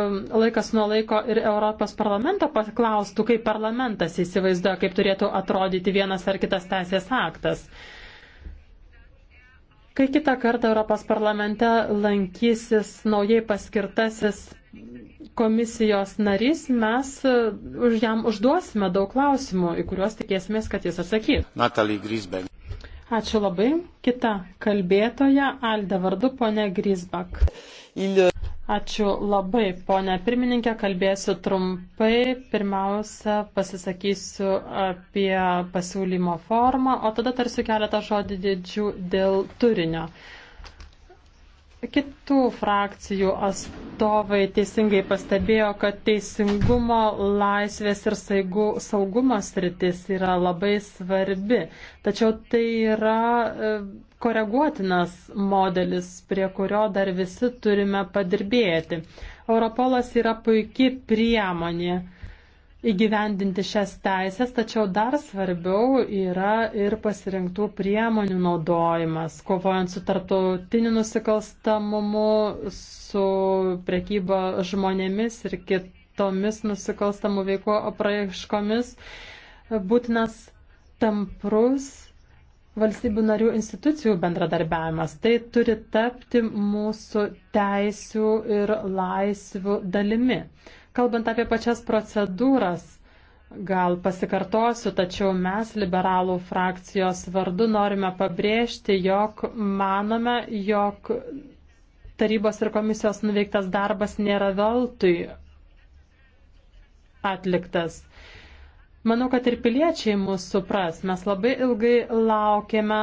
laikas nuo laiko ir Europos parlamento paklaustų, kaip parlamentas įsivaizduoja, kaip turėtų atrodyti vienas ar kitas teisės aktas. Kai kitą kartą Europos parlamente lankysis naujai paskirtasis komisijos narys, mes e, už jam užduosime daug klausimų, į kuriuos tikėsimės, kad jis atsakys.
Natalija Grisbek.
Ačiū labai. Kita kalbėtoja, Alde vardu, ponė Grisbak. Ačiū labai, ponė pirmininkė, kalbėsiu trumpai. Pirmiausia, pasisakysiu apie pasiūlymo formą, o tada tarsiu keletą žodį didžių dėl turinio. Kitų frakcijų atstovai teisingai pastebėjo, kad teisingumo, laisvės ir saigų, saugumas rytis yra labai svarbi. Tačiau tai yra e, koreguotinas modelis, prie kurio dar visi turime padirbėti. Europolas yra puikiai priemonė įgyvendinti šias teisės, tačiau dar svarbiau yra ir pasirinktų priemonių naudojimas, kovojant su tarptautiniu nusikalstamumu, su prekyba žmonėmis ir kitomis nusikalstamų veikų apraiškomis. Būtinas tamprus valstybių narių institucijų bendradarbiavimas. Tai turi tapti mūsų teisių ir laisvių dalimi. Kalbant apie pačias procedūras, gal pasikartosiu, tačiau mes liberalų frakcijos vardu norime pabrėžti, jog manome, jog tarybos ir komisijos nuveiktas darbas nėra veltui atliktas. Manau, kad ir piliečiai mūsų supras. Mes labai ilgai laukiame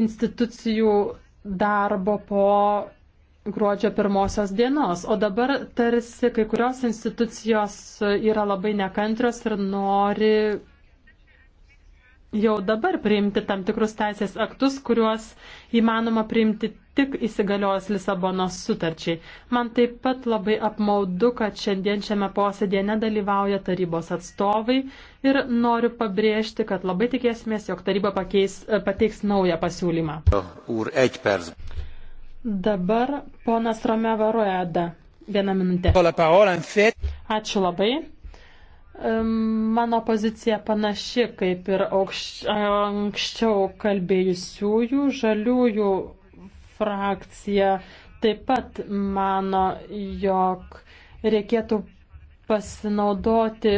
institucijų darbo po gruodžio pirmosios dienos. O dabar tarsi kai kurios institucijos yra labai nekantrios ir nori jau dabar priimti tam tikrus teisės aktus, kuriuos įmanoma priimti tik įsigaliojus Lisabonos sutarčiai. Man taip pat labai apmaudu, kad šiandien šiame posėdėje nedalyvauja tarybos atstovai ir noriu pabrėžti, kad labai tikėsimės, jog taryba pakeis, pateiks naują pasiūlymą. Ur, Dabar ponas Romeva Roeda. Vieną minutę. Ačiū labai. Mano pozicija panaši kaip ir anksčiau kalbėjusiųjų žaliųjų frakcija taip pat mano, jog reikėtų pasinaudoti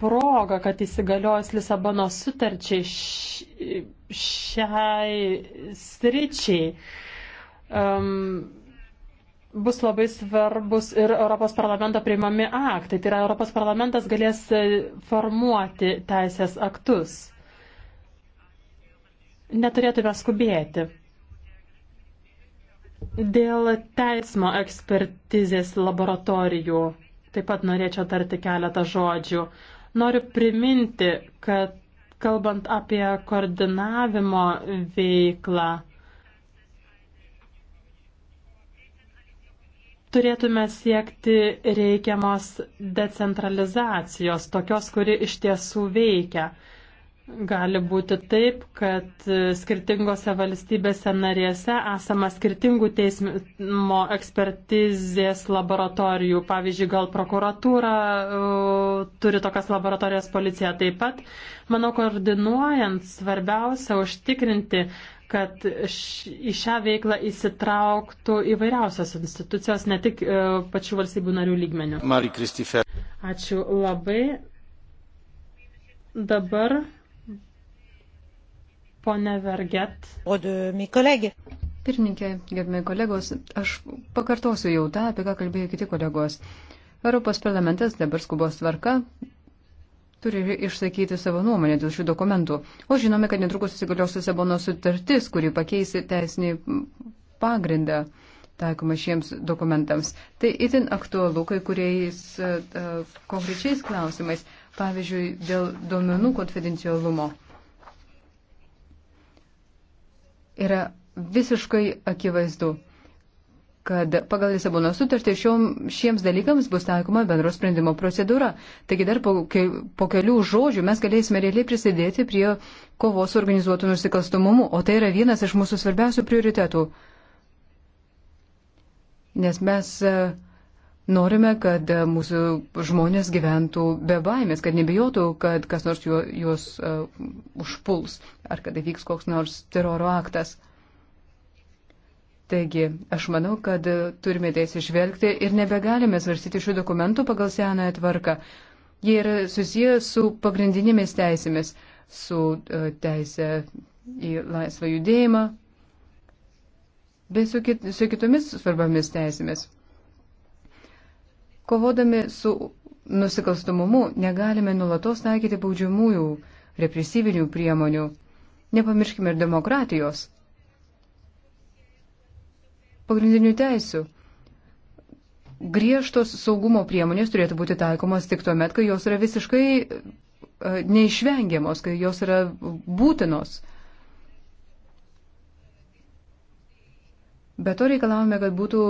progą, kad įsigaliojus Lisabono sutarčiai šiai sričiai um, bus labai svarbus ir Europos parlamento priimami aktai. Tai yra Europos parlamentas galės e, formuoti teisės aktus. Neturėtume skubėti. Dėl teismo ekspertizės laboratorijų taip pat norėčiau tarti keletą žodžių. Noriu priminti, kad kalbant apie koordinavimo veiklą, turėtume siekti reikiamos decentralizacijos, tokios, kuri iš tiesų veikia. Gali būti taip, kad skirtingose valstybėse narėse esama skirtingų teismo ekspertizės laboratorijų. Pavyzdžiui, gal prokuratūra e, turi tokias laboratorijas, policija taip pat. Manau, koordinuojant svarbiausia užtikrinti, kad š, į šią veiklą įsitrauktų įvairiausios institucijos, ne tik e, pačių valstybių narių lygmenių. Ačiū labai. Dabar ponė Verget. O du, e, mi
kolegė. Pirmininkė, gerbimi kolegos, aš pakartosiu jau tą, apie ką kalbėjo kiti kolegos. Europos parlamentas dabar skubos tvarka turi išsakyti savo nuomonę dėl šių dokumentų. O žinome, kad netrukus įsigalios Lisabono sutartis, kuri pakeis teisinį pagrindą taikoma šiems dokumentams. Tai itin aktualu kai kuriais uh, konkrečiais klausimais, pavyzdžiui, dėl duomenų konfidencialumo. Yra visiškai akivaizdu, kad pagal Lisabono sutartį šiom, šiems dalykams bus taikoma bendro sprendimo procedūra. Taigi dar po, ke, po kelių žodžių mes galėsime realiai prisidėti prie kovos su organizuotų nusikalstumumu, o tai yra vienas iš mūsų svarbiausių prioritetų. Nes mes e, norime, kad e, mūsų žmonės gyventų be baimės, kad nebijotų, kad kas nors juos uh, užpuls ar kad įvyks koks nors teroro aktas. Taigi, aš manau, kad turime tai atsižvelgti ir nebegalime svarstyti šių dokumentų pagal senąją tvarką. Jie yra susiję su pagrindinėmis teisėmis, su e, teisė į laisvą judėjimą, bei su, kit, su kitomis svarbiamis teisėmis. Kovodami su nusikalstumumu negalime nulatos taikyti baudžiamųjų represyvinių priemonių. Nepamirškime ir demokratijos pagrindinių teisių. Griežtos saugumo priemonės turėtų būti taikomas tik tuo met, kai jos yra visiškai e, neišvengiamos, kai jos yra būtinos. Be to reikalavome, kad būtų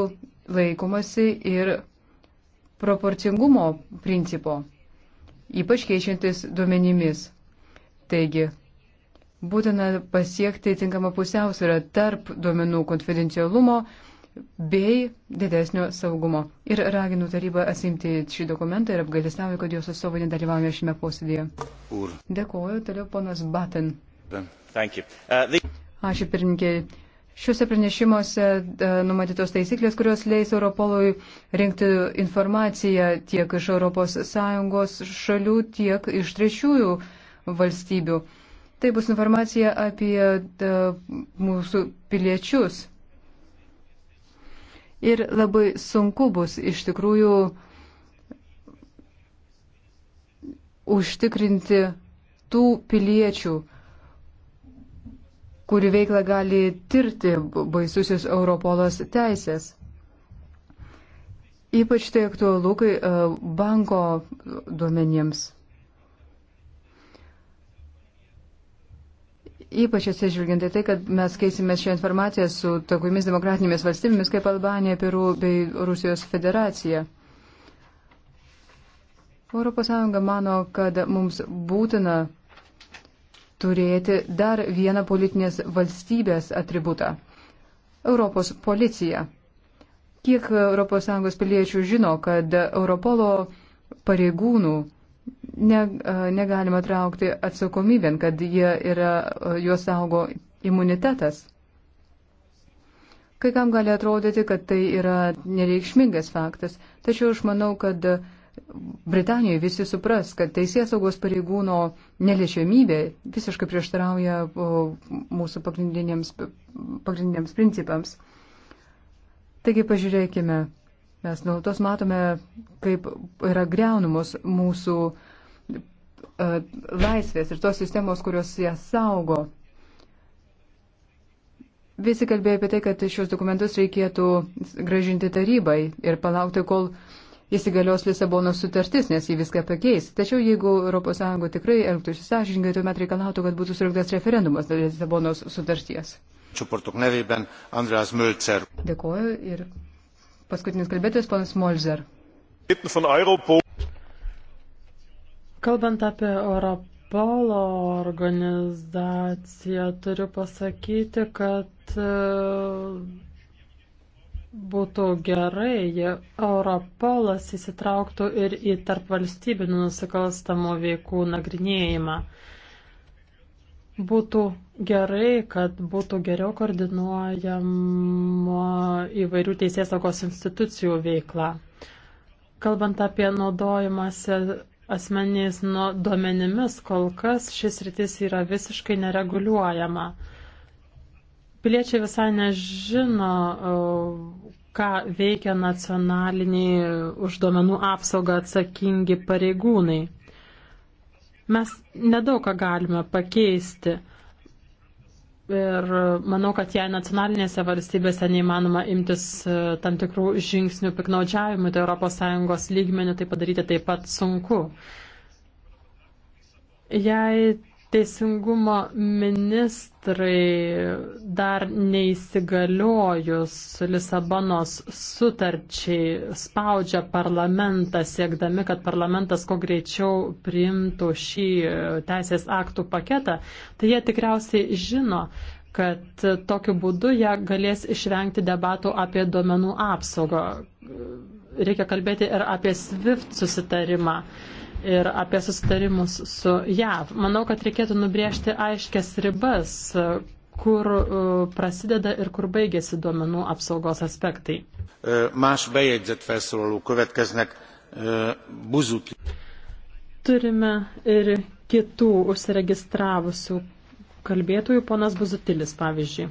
laikomasi ir proporcingumo principo, ypač keičiantis duomenimis. Taigi, būtina pasiekti tinkamą pusiausvyrą tarp duomenų konfidencialumo bei didesnio saugumo. Ir raginu tarybą atsimti šį dokumentą ir apgalistavau, kad jos atstovai nedalyvauja šiame posėdėje. Ur. Dėkuoju, toliau ponas Batten.
Uh, Ačiū
the... pirmininkė. Šiuose pranešimuose uh, numatytos taisyklės, kurios leis Europolui rinkti informaciją tiek iš ES šalių, tiek iš trečiųjų valstybių. Tai bus informacija apie uh, mūsų piliečius ir labai sunku bus iš tikrųjų užtikrinti tų piliečių, kurių veiklą gali tirti baisusis Europolos teisės. Ypač tai aktualu, kai e, banko duomenėms. Ypač atsižvelgiant į tai, kad mes keisime šią informaciją su tokiomis demokratinėmis valstybėmis kaip Albanija, Peru bei Rusijos federacija. ES mano, kad mums būtina turėti dar vieną politinės valstybės atributą - Europos policiją. Kiek ES piliečių žino, kad Europolo pareigūnų ne, negalima traukti atsakomybėn, kad jie yra, juos saugo imunitetas. Kai kam gali atrodyti, kad tai yra nereikšmingas faktas, tačiau aš manau, kad Britanijoje visi supras, kad teisės saugos pareigūno neliečiamybė visiškai prieštarauja mūsų pagrindiniams, pagrindiniams principams. Taigi pažiūrėkime, mes nuolatos matome, kaip yra greunamos mūsų uh, E, laisvės ir tos sistemos, kurios ją saugo. Visi kalbėjo apie tai, kad šios dokumentus reikėtų gražinti tarybai ir palaukti, kol įsigalios Lisabonos sutartis, nes jį viską pakeis. Tačiau jeigu ES tikrai elgtųsi sąžininkai, tuomet reikalautų, kad būtų surinktas referendumas dėl Lisabonos sutarties. Dėkuoju ir paskutinis kalbėtojas, ponas Molzer.
Kalbant apie Europolo organizaciją, turiu pasakyti, kad e, būtų gerai, jei Europolas įsitrauktų ir į tarpvalstybinių nusikalstamų veikų nagrinėjimą. Būtų gerai, kad būtų geriau koordinuojama įvairių teisės saugos institucijų veikla. Kalbant apie naudojimąsi asmeniais nu, duomenimis kol kas šis rytis yra visiškai nereguliuojama. Piliečiai visai nežino, ką veikia nacionaliniai už duomenų apsaugą atsakingi pareigūnai. Mes nedaug ką galime pakeisti. Ir manau, kad jei nacionalinėse valstybėse neįmanoma imtis e, tam tikrų žingsnių piknaudžiavimui, tai ES lygmenių tai padaryti taip pat sunku. Jei Teisingumo ministrai dar neįsigaliojus Lisabonos sutarčiai spaudžia parlamentą, siekdami, kad parlamentas kuo greičiau priimtų šį teisės aktų paketą, tai jie tikriausiai žino, kad tokiu būdu jie galės išvengti debatų apie duomenų apsaugą. Reikia kalbėti ir apie SWIFT susitarimą ir apie susitarimus su JAV. Manau, kad reikėtų nubriežti aiškias ribas, kur e, prasideda ir kur baigėsi duomenų apsaugos aspektai.
E, más bejegyzett felszólaló következnek. E, Buzut.
Turime ir kitų užsiregistravusių kalbėtojų, ponas Buzutilis, pavyzdžiui.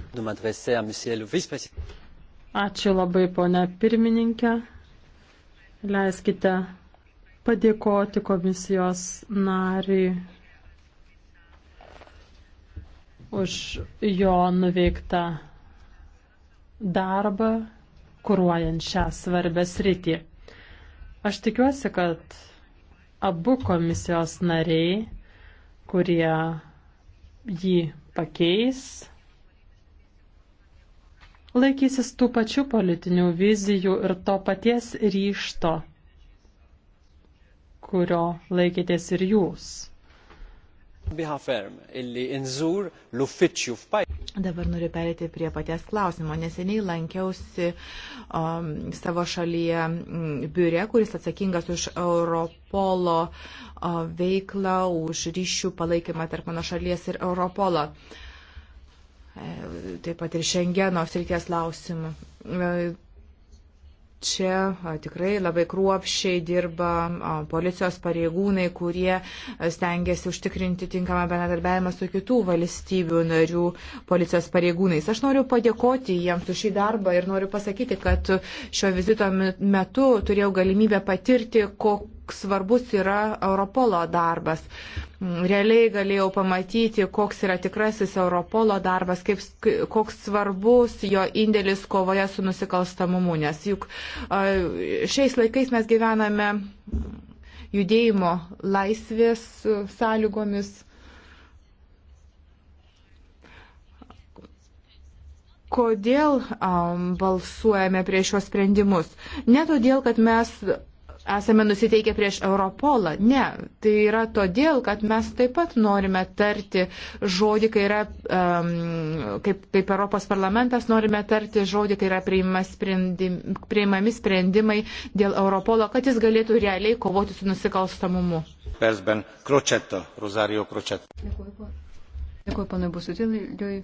Ačiū labai, ponia pirmininkė. Leiskite padėkoti komisijos nariui už jo nuveiktą darbą, kūruojant šią svarbę sritį. Aš tikiuosi, kad abu komisijos nariai, kurie jį pakeis, laikysis tų pačių politinių vizijų ir to paties ryšto kurio laikėtės ir jūs. Dabar noriu perėti prie
paties klausimo. Neseniai lankiausi um, savo šalyje mm, biure, kuris atsakingas už Europolo uh, veiklą, už ryšių palaikymą tarp mano šalies ir Europolo. Uh, taip pat ir Šengeno srities klausimų. E, Čia tikrai labai kruopščiai dirba policijos pareigūnai, kurie stengiasi užtikrinti tinkamą bendradarbiavimą su kitų valstybių narių policijos pareigūnais. Aš noriu padėkoti jiems už šį darbą ir noriu pasakyti, kad šio vizito metu turėjau galimybę patirti, kokiu koks svarbus yra Europolo darbas. Realiai galėjau pamatyti, koks yra tikrasis Europolo darbas, kaip, koks svarbus jo indėlis kovoje su nusikalstamumu, nes juk šiais laikais mes gyvename judėjimo laisvės sąlygomis. kodėl um, balsuojame prieš šios sprendimus. Ne todėl, kad mes esame nusiteikę prieš Europolą. Ne, tai yra todėl, kad mes taip pat norime tarti žodį, kai yra, um, kaip, kaip Europos parlamentas, norime tarti žodį, kai yra sprendim, priimami sprendimai dėl Europolo,
kad jis galėtų realiai kovoti su nusikalstamumu.
Persben Kročeto, Rosario
Kročeto. Dėkuoju, panai Busutiliui.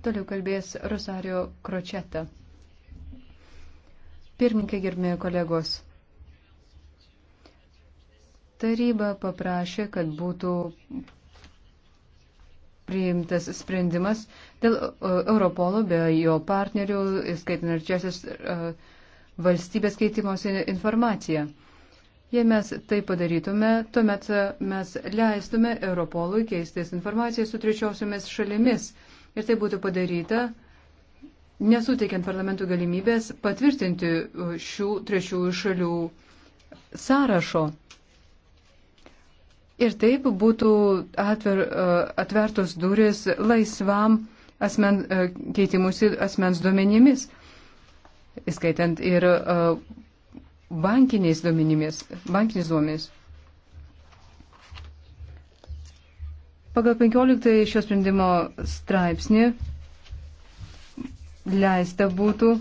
Toliau kalbės Rosario Kročeta. Pirmininkė gerbėjo kolegos. Taryba paprašė, kad būtų priimtas sprendimas dėl e, Europolo be jo partnerių, skaitant ir čiasias e, valstybės keitimosi informaciją. Jei mes tai padarytume, tuomet mes leistume Europolui keistis informaciją su trečiosiomis šalimis. Ir tai būtų padaryta, nesuteikiant parlamentų galimybės patvirtinti šių trečiųjų šalių sąrašo. Ir taip būtų atver, e, atvertos duris laisvam asmen, e, keitimusi asmens duomenimis, įskaitant ir e, bankiniais duomenimis, bankiniais duomenys. Pagal 15 šio sprendimo straipsnį leista būtų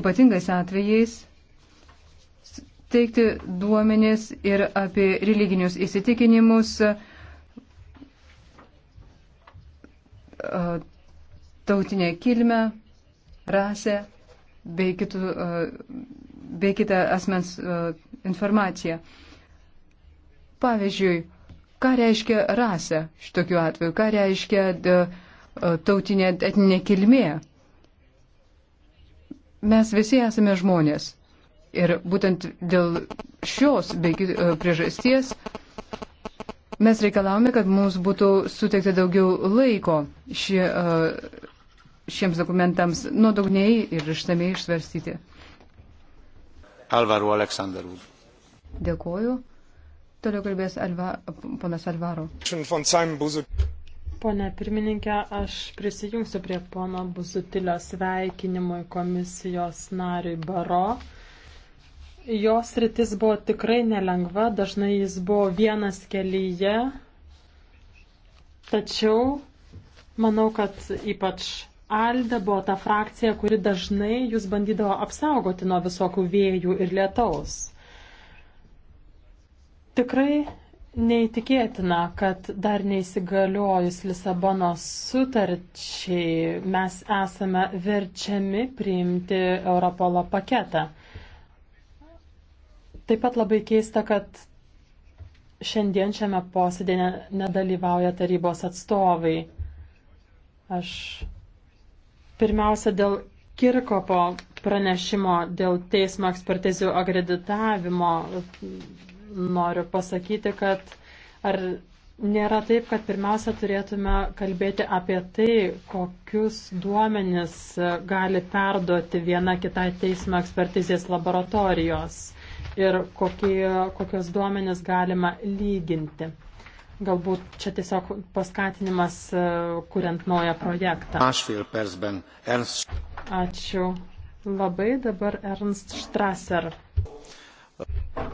ypatingais atvejais teikti duomenis ir apie religinius įsitikinimus, tautinę kilmę, rasę bei, kitų, bei kitą asmens informaciją. Pavyzdžiui, ką reiškia rasė šitokiu atveju, ką reiškia tautinė etinė kilmė. Mes visi esame žmonės Ir būtent dėl šios bei e, priežasties mes reikalavome, kad mums būtų suteikta daugiau laiko šie, e, šiems dokumentams nuodugniai ir ištamiai išsvarstyti. Alvaro Aleksandrų.
Dėkuoju. Toliau kalbės Alva, ponas Alvaro. Pone pirmininkė, aš prisijungsiu prie pono Buzutilio sveikinimui komisijos nariui Baro. Jos rytis buvo tikrai nelengva, dažnai jis buvo vienas kelyje, tačiau manau, kad ypač Alde buvo ta frakcija, kuri dažnai jūs bandydavo apsaugoti nuo visokių vėjų ir lietaus. Tikrai Neįtikėtina, kad dar neįsigaliojus Lisabonos sutarčiai mes esame verčiami priimti Europolo paketą. Taip pat labai keista, kad šiandien šiame posėdėje nedalyvauja tarybos atstovai. Aš pirmiausia dėl Kirkopo pranešimo dėl teismo ekspertizių agreditavimo noriu pasakyti, kad ar nėra taip, kad pirmiausia turėtume kalbėti apie tai, kokius duomenis gali perduoti viena kitai teismo ekspertizės laboratorijos ir kokie, kokios duomenės galima lyginti. Galbūt čia tiesiog paskatinimas, e, kuriant naują projektą. Ačiū labai dabar Ernst Strasser.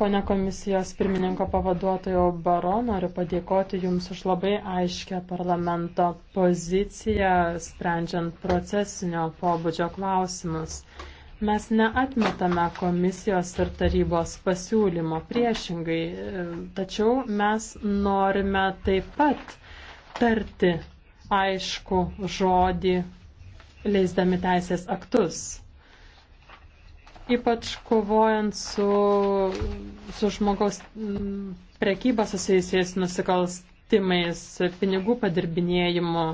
Pone komisijos pirmininko pavaduotojo Baro, noriu padėkoti Jums už labai aiškę parlamento poziciją, sprendžiant procesinio pobūdžio klausimus. Mes neatmetame komisijos ir tarybos pasiūlymo priešingai, tačiau mes norime taip pat tarti aišku žodį, leisdami teisės aktus ypač kovojant su, su žmogaus mm, prekyba susijusiais nusikalstimais, pinigų padirbinėjimu.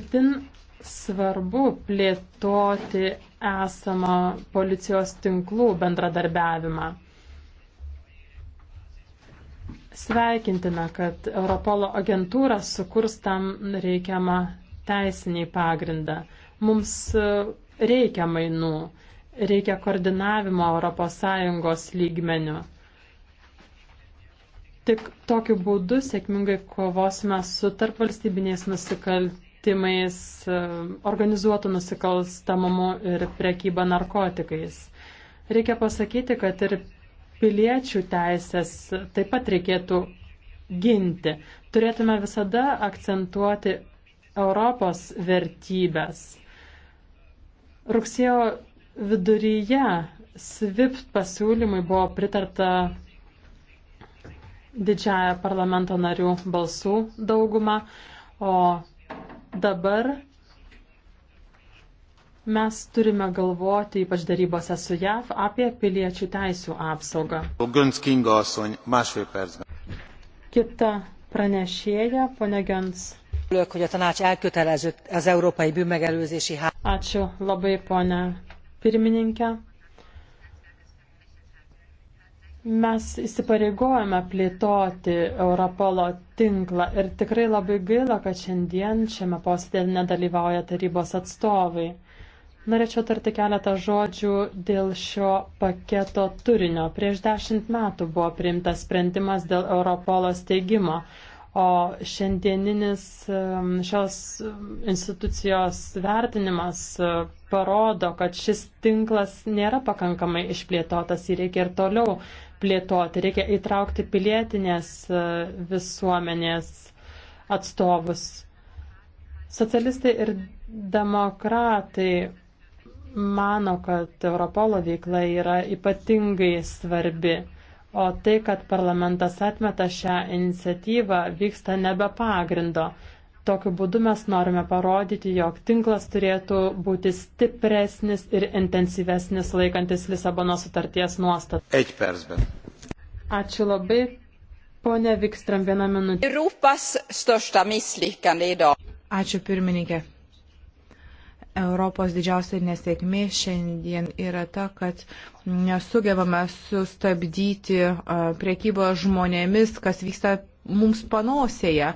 Itin svarbu plėtoti esamą policijos tinklų bendradarbiavimą. Sveikintina, kad Europolo agentūra sukurs tam reikiamą teisinį pagrindą. Mums reikia mainų, reikia koordinavimo ES lygmenių. Tik tokiu būdu sėkmingai kovosime su tarpvalstybiniais nusikaltimais nusikaltimais, e, organizuotų nusikalstamumu ir prekyba narkotikais. Reikia pasakyti, kad ir piliečių teisės taip pat reikėtų ginti. Turėtume visada akcentuoti Europos vertybės. Rugsėjo viduryje SWIFT pasiūlymui buvo pritarta didžiaja parlamento narių balsų dauguma, o dabar mes turime galvoti, ypač darybose su JAV, apie piliečių teisų apsaugą. Kita pranešėja, ponia Gens. Ačiū labai, ponia pirmininkė. Mes įsipareigojame plėtoti Europolo tinklą ir tikrai labai gaila, kad šiandien šiame posėdėje nedalyvauja tarybos atstovai. Norėčiau tarti keletą žodžių dėl šio paketo turinio. Prieš dešimt metų buvo priimtas sprendimas dėl Europolo steigimo, o šiandieninis um, šios um, institucijos vertinimas uh, parodo, kad šis tinklas nėra pakankamai išplėtotas, jį reikia ir toliau plėtoti, reikia įtraukti pilietinės e, visuomenės atstovus. Socialistai ir demokratai mano, kad Europolo veikla yra ypatingai svarbi, o tai, kad parlamentas atmeta šią iniciatyvą, vyksta nebe pagrindo. Tokiu būdu mes norime parodyti, jog tinklas turėtų būti stipresnis ir intensyvesnis laikantis Lisabono sutarties nuostatų. Ačiū labai. Pone Vikstram, vieną minutę. Europas största misslyckande i dag. Ačiū pirmininkė.
Europos didžiausia nesėkmė šiandien yra ta, kad nesugebame sustabdyti priekybą žmonėmis, kas vyksta mums panosėje.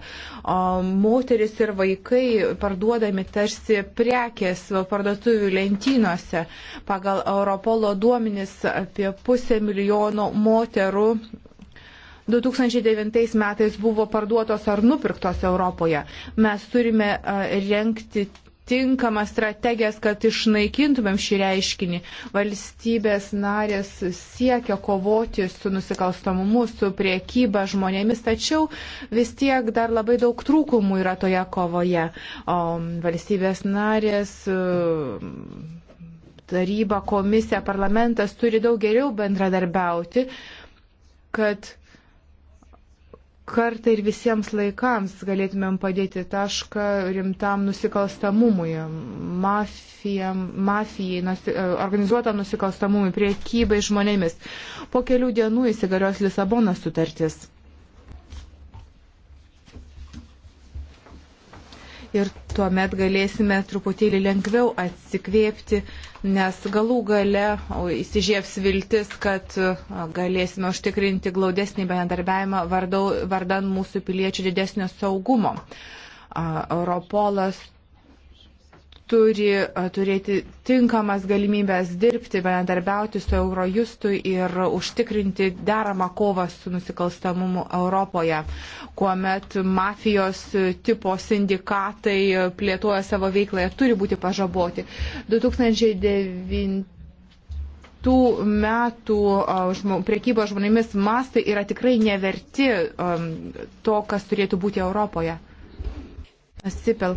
O moteris ir vaikai parduodami tarsi prekės parduotuvių lentynose. Pagal Europolo duomenis apie pusę milijono moterų 2009 metais buvo parduotos ar nupirktos Europoje. Mes turime e, renkti tinkamas strategijas, kad išnaikintumėm šį reiškinį. Valstybės narės siekia kovoti su nusikalstamumu, su priekyba žmonėmis, tačiau vis tiek dar labai daug trūkumų yra toje kovoje. O valstybės narės. Taryba, komisija, parlamentas turi daug geriau bendradarbiauti, kad kartą ir visiems laikams galėtumėm padėti tašką rimtam nusikalstamumui, mafijam, mafijai, nusi, e, organizuotam nusikalstamumui, priekybai žmonėmis. Po kelių dienų įsigalios Lisabonas sutartis. ir tuomet galėsime truputėlį lengviau atsikvėpti, nes galų gale įsižiebs viltis, kad galėsime užtikrinti glaudesnį bendarbiavimą vardan mūsų piliečių didesnio saugumo. Europolas turi turėti tinkamas galimybės dirbti, bendarbiauti su Eurojustu ir užtikrinti deramą kovą su nusikalstamumu Europoje, kuomet mafijos tipo sindikatai plėtoja savo veiklą ir turi būti pažaboti. 2009 tų metų žmo, priekybos žmonėmis mastai yra tikrai neverti um,
to, kas turėtų būti Europoje. Sipel.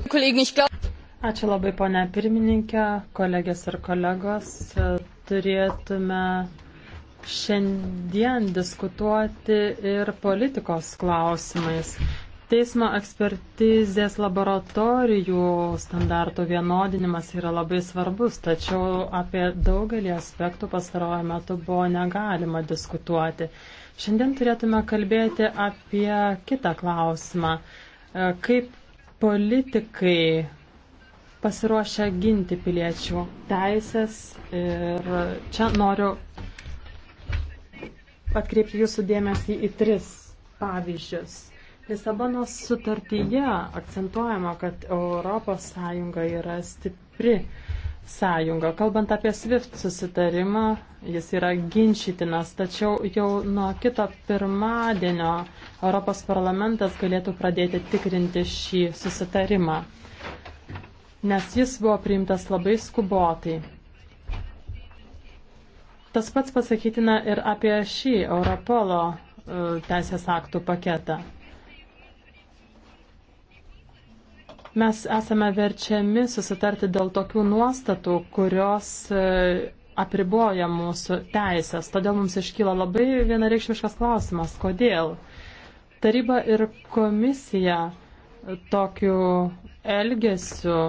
Ačiū labai, ponia pirmininkė, kolegės ir kolegos. Turėtume šiandien diskutuoti ir politikos klausimais. Teismo ekspertizės laboratorijų standartų vienodinimas yra labai svarbus, tačiau apie daugelį aspektų pastarojo metu buvo negalima diskutuoti. Šiandien turėtume kalbėti apie kitą klausimą. Kaip politikai pasiruošę ginti piliečių teisės ir čia noriu atkreipti jūsų dėmesį į tris pavyzdžius. Lisabonos sutartyje akcentuojama, kad ES yra stipri sąjunga. Kalbant apie SWIFT susitarimą, jis yra ginčytinas, tačiau jau nuo kito pirmadienio Europos parlamentas galėtų pradėti tikrinti šį susitarimą nes jis buvo priimtas labai skubotai. Tas pats pasakytina ir apie šį Europolo e, teisės aktų paketą. Mes esame verčiami susitarti dėl tokių nuostatų, kurios e, apriboja mūsų teisės. Todėl mums iškyla labai vienareikšmiškas klausimas, kodėl taryba ir komisija tokiu elgesiu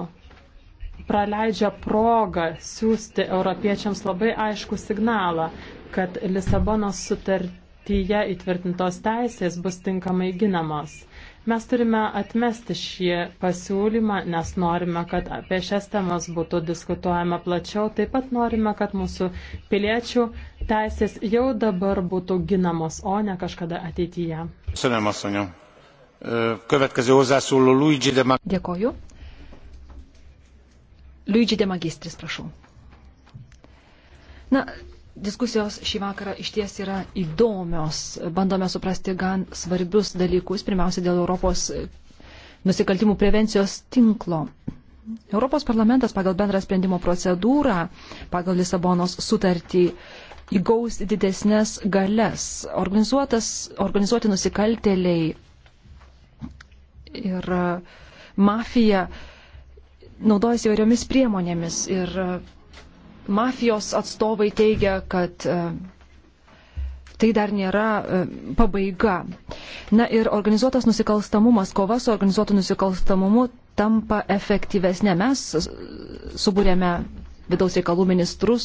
praleidžia progą siūsti europiečiams labai aišku signalą, kad Lisabonos sutartyje įtvirtintos teisės bus tinkamai ginamos. Mes turime atmesti šį pasiūlymą, nes norime, kad apie šias temas būtų diskutuojama plačiau. Taip pat norime, kad mūsų piliečių teisės jau dabar būtų ginamos, o ne kažkada ateityje.
Dėkoju.
Liūdžiai demagistris, prašau. Na, diskusijos šį vakarą iš ties yra įdomios. Bandome suprasti gan svarbius dalykus, pirmiausia dėl Europos nusikaltimų prevencijos tinklo. Europos parlamentas pagal bendrą sprendimo procedūrą, pagal Lisabonos sutartį įgaus didesnės galias. Organizuoti nusikaltėliai ir mafija naudojasi įvairiomis priemonėmis ir e, mafijos atstovai teigia, kad e, tai dar nėra e, pabaiga. Na ir organizuotas nusikalstamumas, kova su organizuotu nusikalstamumu tampa efektyvesnė. Mes subūrėme vidaus reikalų ministrus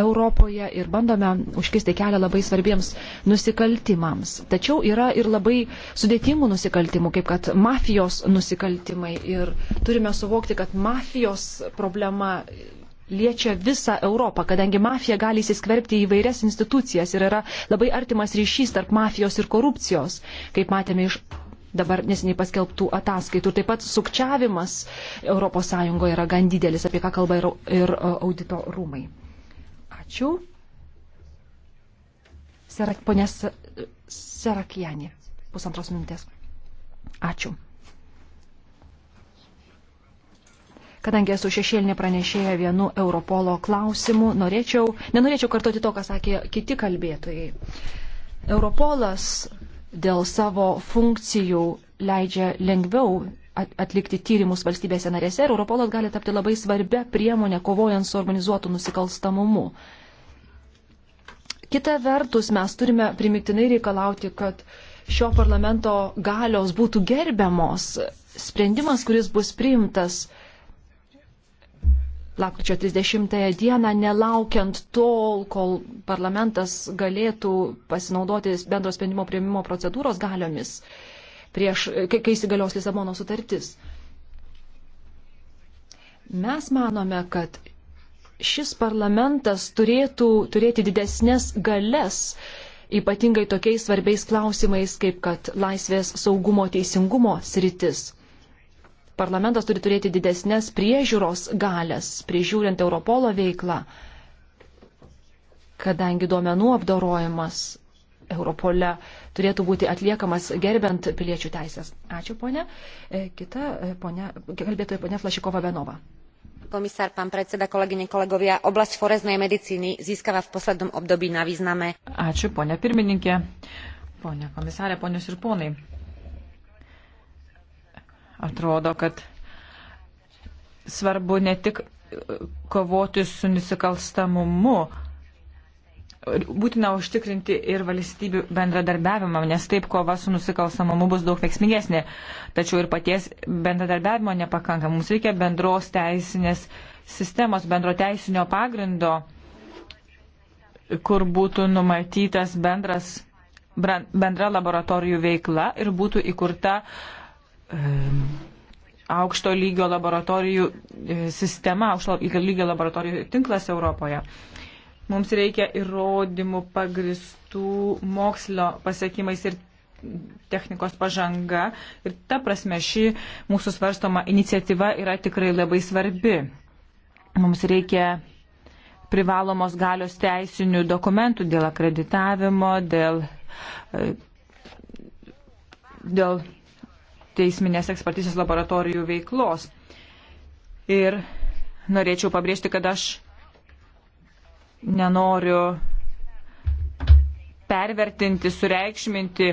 Europoje ir bandome užkisti kelią labai svarbiems nusikaltimams. Tačiau yra ir labai sudėtingų nusikaltimų, kaip kad mafijos nusikaltimai. Ir turime suvokti, kad mafijos problema liečia visą Europą, kadangi mafija gali įsiskverbti į vairias institucijas ir yra labai artimas ryšys tarp mafijos ir korupcijos, kaip matėme iš dabar nesiniai paskelbtų ataskaitų. Taip pat sukčiavimas ES yra gan didelis, apie ką kalba ir, ir e, audito rūmai. Ačiū. Serak, ponės Serakijanė, pusantros minutės. Ačiū. Kadangi esu šešėlinė pranešėja vienu Europolo klausimu, norėčiau, nenorėčiau kartoti to, ką sakė kiti kalbėtojai. Europolas dėl savo funkcijų leidžia lengviau atlikti tyrimus valstybėse narėse ir Europolas gali tapti labai svarbia priemonė kovojant su organizuotu nusikalstamumu. Kita vertus, mes turime primiktinai reikalauti, kad šio parlamento galios būtų gerbiamos. Sprendimas, kuris bus priimtas, lapkričio 30 dieną, nelaukiant tol, kol parlamentas galėtų pasinaudoti bendro sprendimo prieimimo procedūros galiomis, prieš, kai, kai įsigalios Lisabono sutartis. Mes manome, kad šis parlamentas turėtų turėti didesnės galės, ypatingai tokiais svarbiais klausimais, kaip kad laisvės saugumo teisingumo sritis parlamentas turi turėti didesnės priežiūros galės, priežiūrint Europolo veiklą, kadangi duomenų apdorojimas Europole turėtų būti atliekamas gerbent piliečių teisės. Ačiū, ponė. E, kita, e, ponė, kalbėtoja ponė Flašikova Benova.
Komisár, pán predseda, kolegyne, kolegovia, oblasť foreznej medicíny získava v poslednom období na
význame. Ačiū, ponė pirmininkė, ponė komisarė, ponios ir ponai. Atrodo, kad svarbu ne tik e, kovoti su nusikalstamumu, būtina užtikrinti ir valstybių bendradarbiavimą, nes taip kova su nusikalstamumu bus daug veiksmingesnė. Tačiau ir paties bendradarbiavimo nepakanka. Mums reikia bendros teisinės sistemos, bendro teisinio pagrindo, kur būtų numatytas bendras, bendra laboratorijų veikla ir būtų įkurta uh, aukšto lygio laboratorijų e, sistema, aukšto lygio laboratorijų tinklas Europoje. Mums reikia įrodymų pagristų mokslo pasiekimais ir technikos pažanga. Ir ta prasme ši mūsų svarstoma iniciatyva yra tikrai labai svarbi. Mums reikia privalomos galios teisinių dokumentų dėl akreditavimo, dėl, e, dėl teisminės ekspertizės laboratorijų veiklos. Ir norėčiau pabrėžti, kad aš nenoriu pervertinti, sureikšminti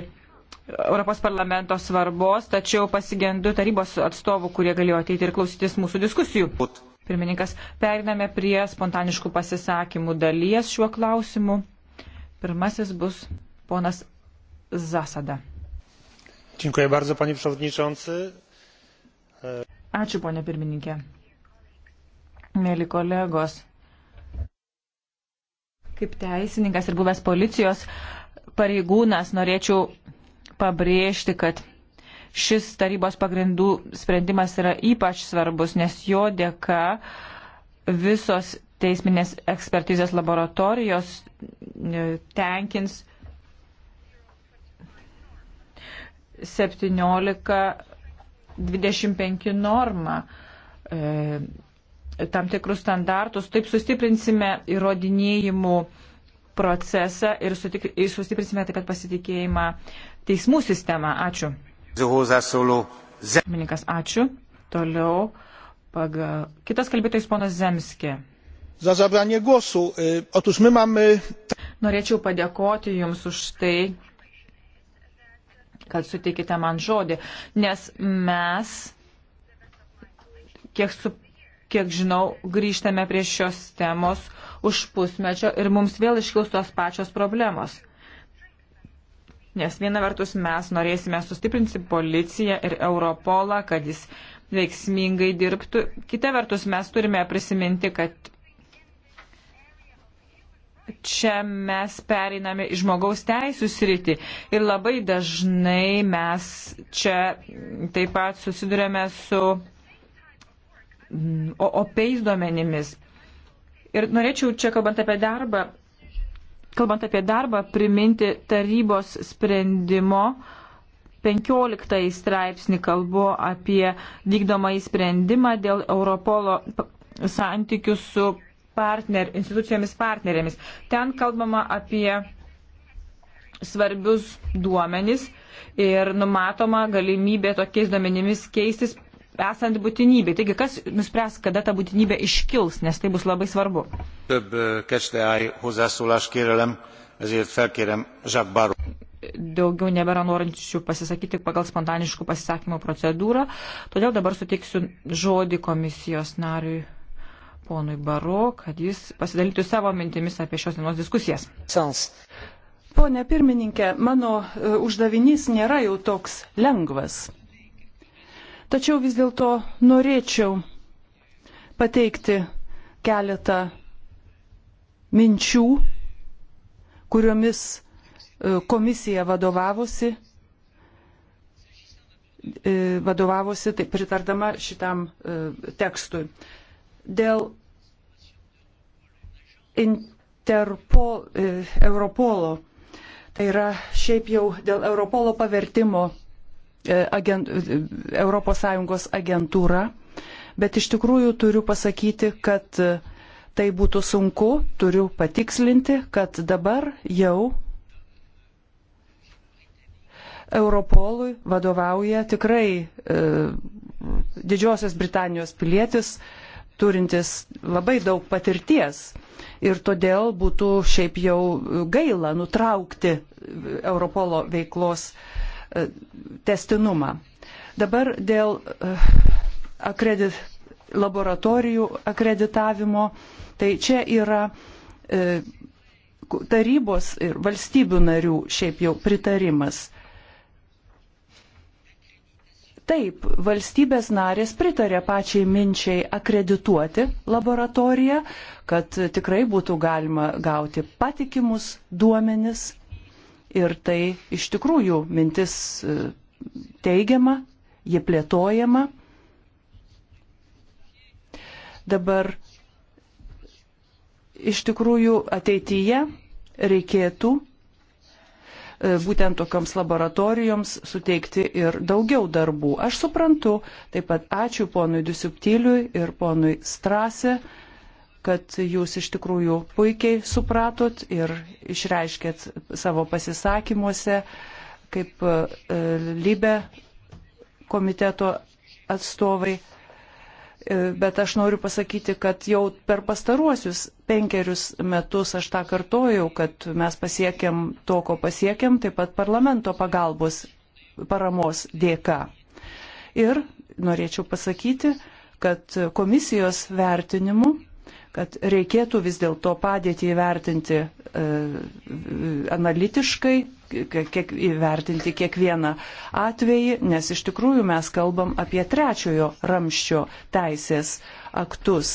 Europos parlamento svarbos, tačiau pasigendu tarybos atstovų, kurie galėjo ateiti ir klausytis mūsų diskusijų. Pirmininkas, periname prie spontaniškų pasisakymų dalies šiuo klausimu. Pirmasis bus ponas Zasada. Dziękuję bardzo, panie przewodniczący. E- Ačiū, ponė pirmininkė. Mėly kolegos, kaip teisininkas ir buvęs policijos pareigūnas norėčiau pabrėžti, kad šis tarybos pagrindų sprendimas yra ypač svarbus, nes jo dėka visos teisminės ekspertizės laboratorijos e, tenkins 17.25 normą, e, tam tikrus standartus. Taip sustiprinsime įrodinėjimų procesą ir, sutik, ir sustiprinsime taip pat pasitikėjimą teismų sistemą. Ačiū. Mininkas, ačiū. Toliau pagal. Kitas kalbėtojas ponas Zemskė.
Za zabranie głosu. Otóż my mamy.
Norėčiau padėkoti Jums už tai, kad suteikite man žodį, nes mes, kiek, su, kiek žinau, grįžtame prie šios temos už pusmečio ir mums vėl iškils tos pačios problemos. Nes viena vertus mes norėsime sustiprinti policiją ir Europolą, kad jis veiksmingai dirbtų. Kita vertus mes turime prisiminti, kad čia mes pereiname į žmogaus teisų sritį ir labai dažnai mes čia taip pat susidurėme su mm, opiais duomenimis. Ir norėčiau čia, kalbant apie darbą, kalbant apie darbą, priminti tarybos sprendimo 15 straipsnį kalbu apie vykdomą įsprendimą dėl Europolo santykių su partner, institucijomis partnerėmis. Ten kalbama apie svarbius duomenis ir numatoma galimybė tokiais duomenimis keistis esant būtinybė. Taigi, kas nuspręs, kada ta būtinybė iškils, nes tai bus labai svarbu. Daugiau nebėra norinčių pasisakyti pagal spontaniškų pasisakymų procedūrą, todėl dabar suteiksiu žodį komisijos nariui
ponui Baru, kad jis pasidalytų savo mintimis apie šios dienos diskusijas. Sons. Pone pirmininkė, mano e, uždavinys nėra jau toks lengvas. Tačiau vis dėlto norėčiau pateikti keletą minčių, kuriomis e, komisija vadovavosi, e, vadovavosi taip, pritardama šitam tekstui dėl Interpol, e, Europolo. Tai yra šiaip jau dėl Europolo pavertimo e, agent, ES agentūra. Bet iš tikrųjų turiu pasakyti, kad e, tai būtų sunku, turiu patikslinti, kad dabar jau Europolui vadovauja tikrai e, Didžiosios Britanijos pilietis, e, turintis labai daug patirties. Ir todėl būtų šiaip jau gaila nutraukti Europolo veiklos e, testinumą. Dabar dėl e, akredit, laboratorijų akreditavimo, tai čia yra e, tarybos ir valstybių narių šiaip jau pritarimas. Taip, valstybės narės pritarė pačiai minčiai akredituoti laboratoriją, kad tikrai būtų galima gauti patikimus duomenis. Ir tai iš tikrųjų mintis e, teigiama, ji plėtojama. Dabar iš tikrųjų ateityje reikėtų E, būtent tokioms laboratorijoms suteikti ir daugiau darbų. Aš suprantu, taip pat ačiū ponui Dusiptyliui ir ponui Strase, kad jūs iš tikrųjų puikiai supratot ir išreiškėt savo pasisakymuose kaip e, Libe komiteto atstovai E, bet aš noriu pasakyti, kad jau per pastaruosius penkerius metus aš tą kartojau, kad mes pasiekėm to, ko pasiekėm, taip pat parlamento pagalbos paramos dėka. Ir norėčiau pasakyti, kad komisijos vertinimu, kad reikėtų vis dėlto padėtį įvertinti e, analitiškai, kiek, įvertinti kiekvieną atvejį, nes iš tikrųjų mes kalbam apie trečiojo ramščio teisės aktus.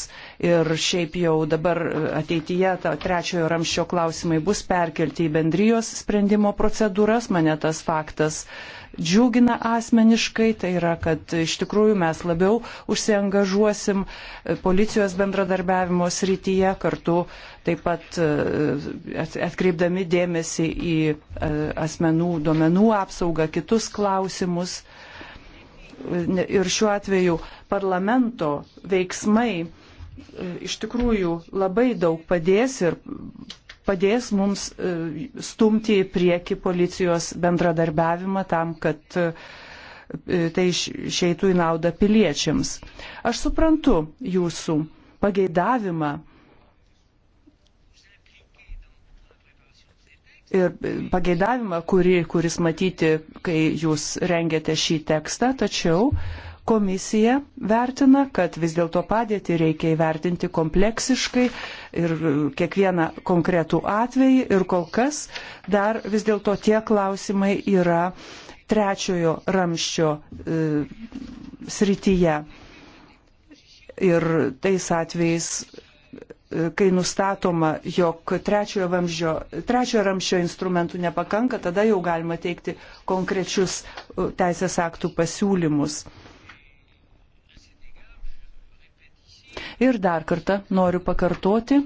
Ir šiaip jau dabar ateityje ta trečiojo ramščio klausimai bus perkelti į bendrijos sprendimo procedūras. Mane tas faktas uh, džiugina asmeniškai, tai yra, kad iš tikrųjų mes labiau užsiengažuosim policijos bendradarbiavimo srityje, kartu taip pat e, atkreipdami dėmesį į e, asmenų duomenų apsaugą, kitus klausimus. Ir šiuo atveju parlamento veiksmai e, iš tikrųjų labai daug padės ir padės mums e, stumti į priekį policijos bendradarbiavimą tam, kad e, tai išeitų į naudą piliečiams. Aš suprantu jūsų pageidavimą ir pageidavimą, kuri, kuris matyti, kai jūs rengėte šį tekstą, tačiau uh, Komisija vertina, kad vis dėlto padėtį reikia įvertinti kompleksiškai ir kiekvieną konkretų atvejį ir kol kas dar vis dėlto tie klausimai yra trečiojo ramščio e, srityje. Ir tais atvejais e, kai nustatoma, jog trečiojo, vamžio, trečiojo ramščio instrumentų nepakanka, tada jau galima teikti konkrečius e, teisės aktų pasiūlymus. Ir dar kartą noriu pakartoti,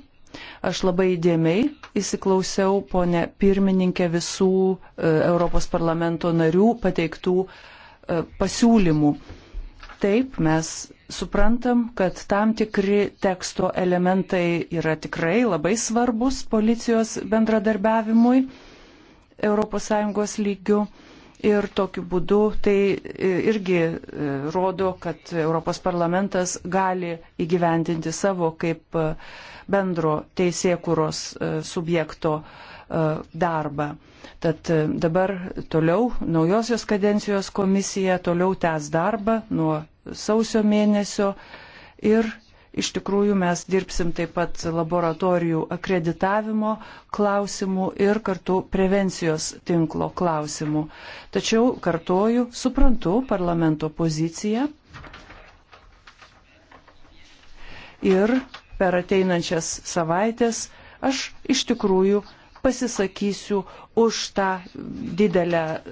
Aš labai įdėmiai įsiklausiau, ponė pirmininkė, visų e, Europos parlamento narių pateiktų e, pasiūlymų. Taip, mes suprantam, kad tam tikri teksto elementai yra tikrai labai svarbus policijos bendradarbiavimui ES lygių. Ir tokiu būdu tai e, irgi e, rodo, kad Europos parlamentas gali įgyvendinti savo kaip e, bendro teisėkuros subjekto darbą. Tad dabar toliau naujosios kadencijos komisija toliau tęs darbą nuo sausio mėnesio ir Iš tikrųjų, mes dirbsim taip pat laboratorijų akreditavimo klausimų ir kartu prevencijos tinklo klausimų. Tačiau, kartoju, suprantu parlamento poziciją ir per ateinančias savaitės aš iš tikrųjų pasisakysiu už tą didelę e,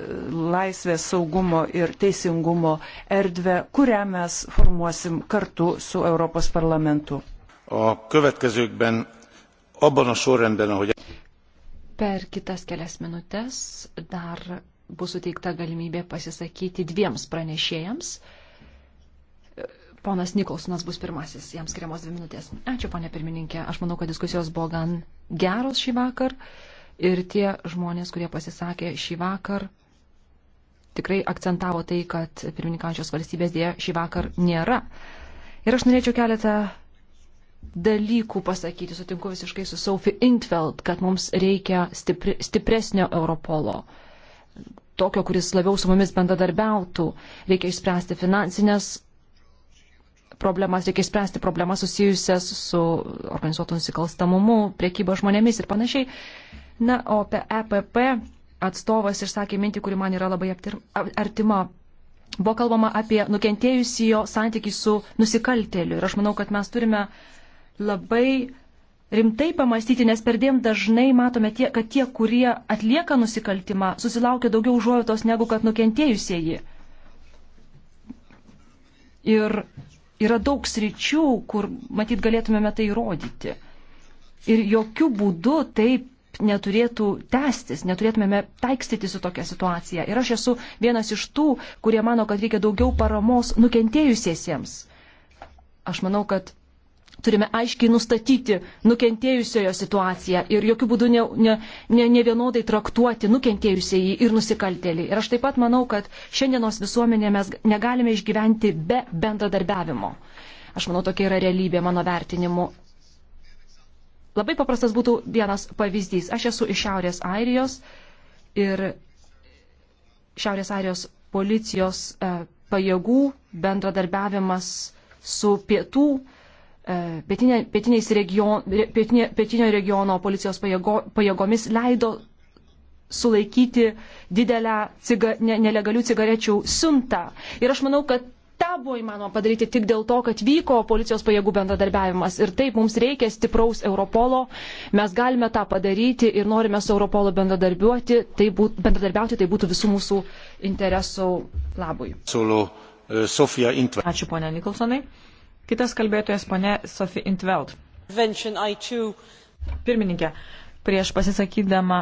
laisvės saugumo ir teisingumo erdvę, kurią mes formuosim kartu su Europos parlamentu.
O következőkben abban a sorrendben, ahogy...
Per kitas kelias minutės dar bus suteikta galimybė pasisakyti dviems pranešėjams. Ponas Nikolsonas bus pirmasis, jam skiriamos dvi minutės. Ačiū, ponė pirmininkė. Aš manau, kad diskusijos buvo gan geros šį vakar ir tie žmonės, kurie pasisakė šį vakar, tikrai akcentavo tai, kad pirmininkančios valstybės dėja šį vakar nėra. Ir aš norėčiau keletą dalykų pasakyti, sutinku visiškai su Sophie Intveld, kad mums reikia stipri, stipresnio Europolo tokio, kuris labiau su mumis bendradarbiautų. Reikia išspręsti finansinės problemas, reikia spręsti problemas susijusias su organizuotų nusikalstamumu, priekyba žmonėmis ir panašiai. Na, o apie EPP atstovas išsakė mintį, kuri man yra labai aptir, artima. Buvo kalbama apie nukentėjusijo santykį su nusikaltėliu. Ir aš manau, kad mes turime labai rimtai pamastyti, nes perdėm dažnai matome, tie, kad tie, kurie atlieka nusikaltimą, susilaukia daugiau užuojotos negu kad nukentėjusieji. Ir yra daug sričių, kur matyt galėtumėme tai įrodyti. Ir jokių būdų taip neturėtų tęstis, neturėtumėme taikstyti su tokia situacija. Ir aš esu vienas iš tų, kurie mano, kad reikia daugiau paramos nukentėjusiesiems. Aš manau, kad turime aiškiai nustatyti nukentėjusiojo situaciją ir jokių būdų nevienodai ne, ne, ne traktuoti nukentėjusieji ir nusikaltėliai. Ir aš taip pat manau, kad šiandienos visuomenė mes negalime išgyventi be bendradarbiavimo. Aš manau, tokia yra realybė mano vertinimu. Labai paprastas būtų vienas pavyzdys. Aš esu iš Šiaurės Airijos ir Šiaurės Airijos policijos e, pajėgų bendradarbiavimas su pietų uh, E, pietinė, region, pietinė, pietinio regiono policijos pajėgo, pajėgomis leido sulaikyti didelę ciga, ne, nelegalių cigarečių siuntą. Ir aš manau, kad tą buvo įmanoma padaryti tik dėl to, kad vyko policijos pajėgų bendradarbiavimas. Ir taip mums reikia stipraus Europolo, mes galime tą padaryti ir norime su Europolo bendradarbiauti, tai, būt, bendradarbiauti, tai būtų visų mūsų interesų labui.
E, Ačiū,
ponia Nikolsonai. Kitas kalbėtojas, ponė Sofi
Intveld. Pirmininkė, prieš pasisakydama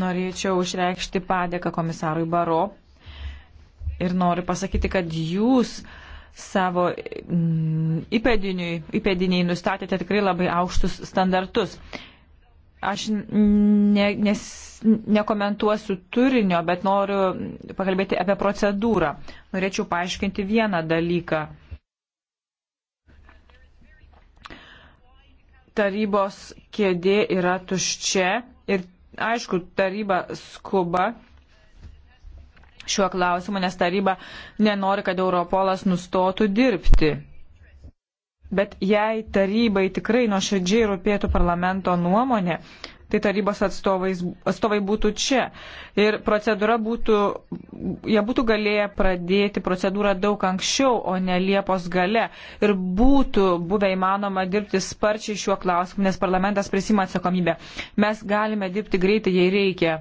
norėčiau išreikšti padėką komisarui Baro ir noriu pasakyti, kad jūs savo mm, įpėdiniai nustatėte tikrai labai aukštus standartus. Aš ne, nes, nekomentuosiu turinio, bet noriu pakalbėti apie procedūrą. Norėčiau paaiškinti vieną dalyką tarybos kėdė yra tuščia ir aišku, taryba skuba šiuo klausimu, nes taryba nenori, kad Europolas nustotų dirbti. Bet jei tarybai tikrai nuoširdžiai rūpėtų parlamento nuomonė, tai tarybos atstovai būtų čia. Ir procedūra būtų, jie būtų galėję pradėti procedūrą daug anksčiau, o ne Liepos gale. Ir būtų buvę įmanoma dirbti sparčiai šiuo klausimu, nes parlamentas prisima atsakomybę. Mes galime dirbti greitai, jei reikia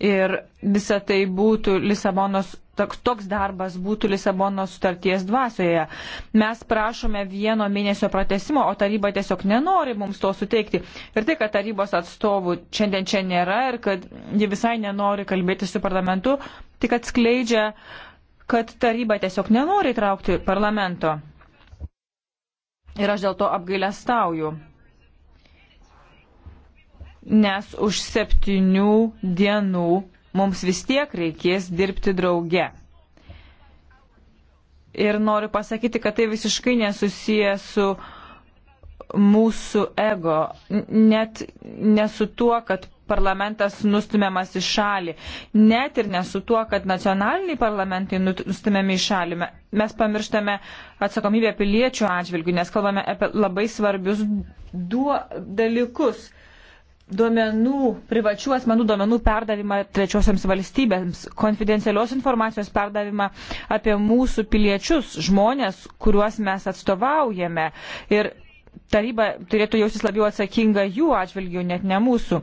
ir visa tai būtų Lisabonos. Toks darbas būtų Lisabonos sutarties dvasioje. Mes prašome vieno mėnesio pratesimo, o taryba tiesiog nenori mums to suteikti. Ir tai, kad tarybos atstovų šiandien čia nėra ir kad ji visai nenori kalbėti su parlamentu, tik atskleidžia, kad taryba tiesiog nenori traukti parlamento. Ir aš dėl to apgailę stauju nes už septynių dienų mums vis tiek reikės dirbti drauge. Ir noriu pasakyti, kad tai visiškai nesusiję su mūsų ego, net nesu tuo, kad parlamentas nustumiamas į šalį, net ir nesu tuo, kad nacionaliniai parlamentai nustumiami į šalį. Mes pamirštame atsakomybę piliečių atžvilgių, nes kalbame apie labai svarbius dalykus duomenų, privačių asmenų duomenų perdavimą trečiosiams valstybėms, konfidencialios informacijos perdavimą apie mūsų piliečius, žmonės, kuriuos mes atstovaujame. Ir taryba turėtų jausis labiau atsakinga jų atžvilgių, net ne mūsų.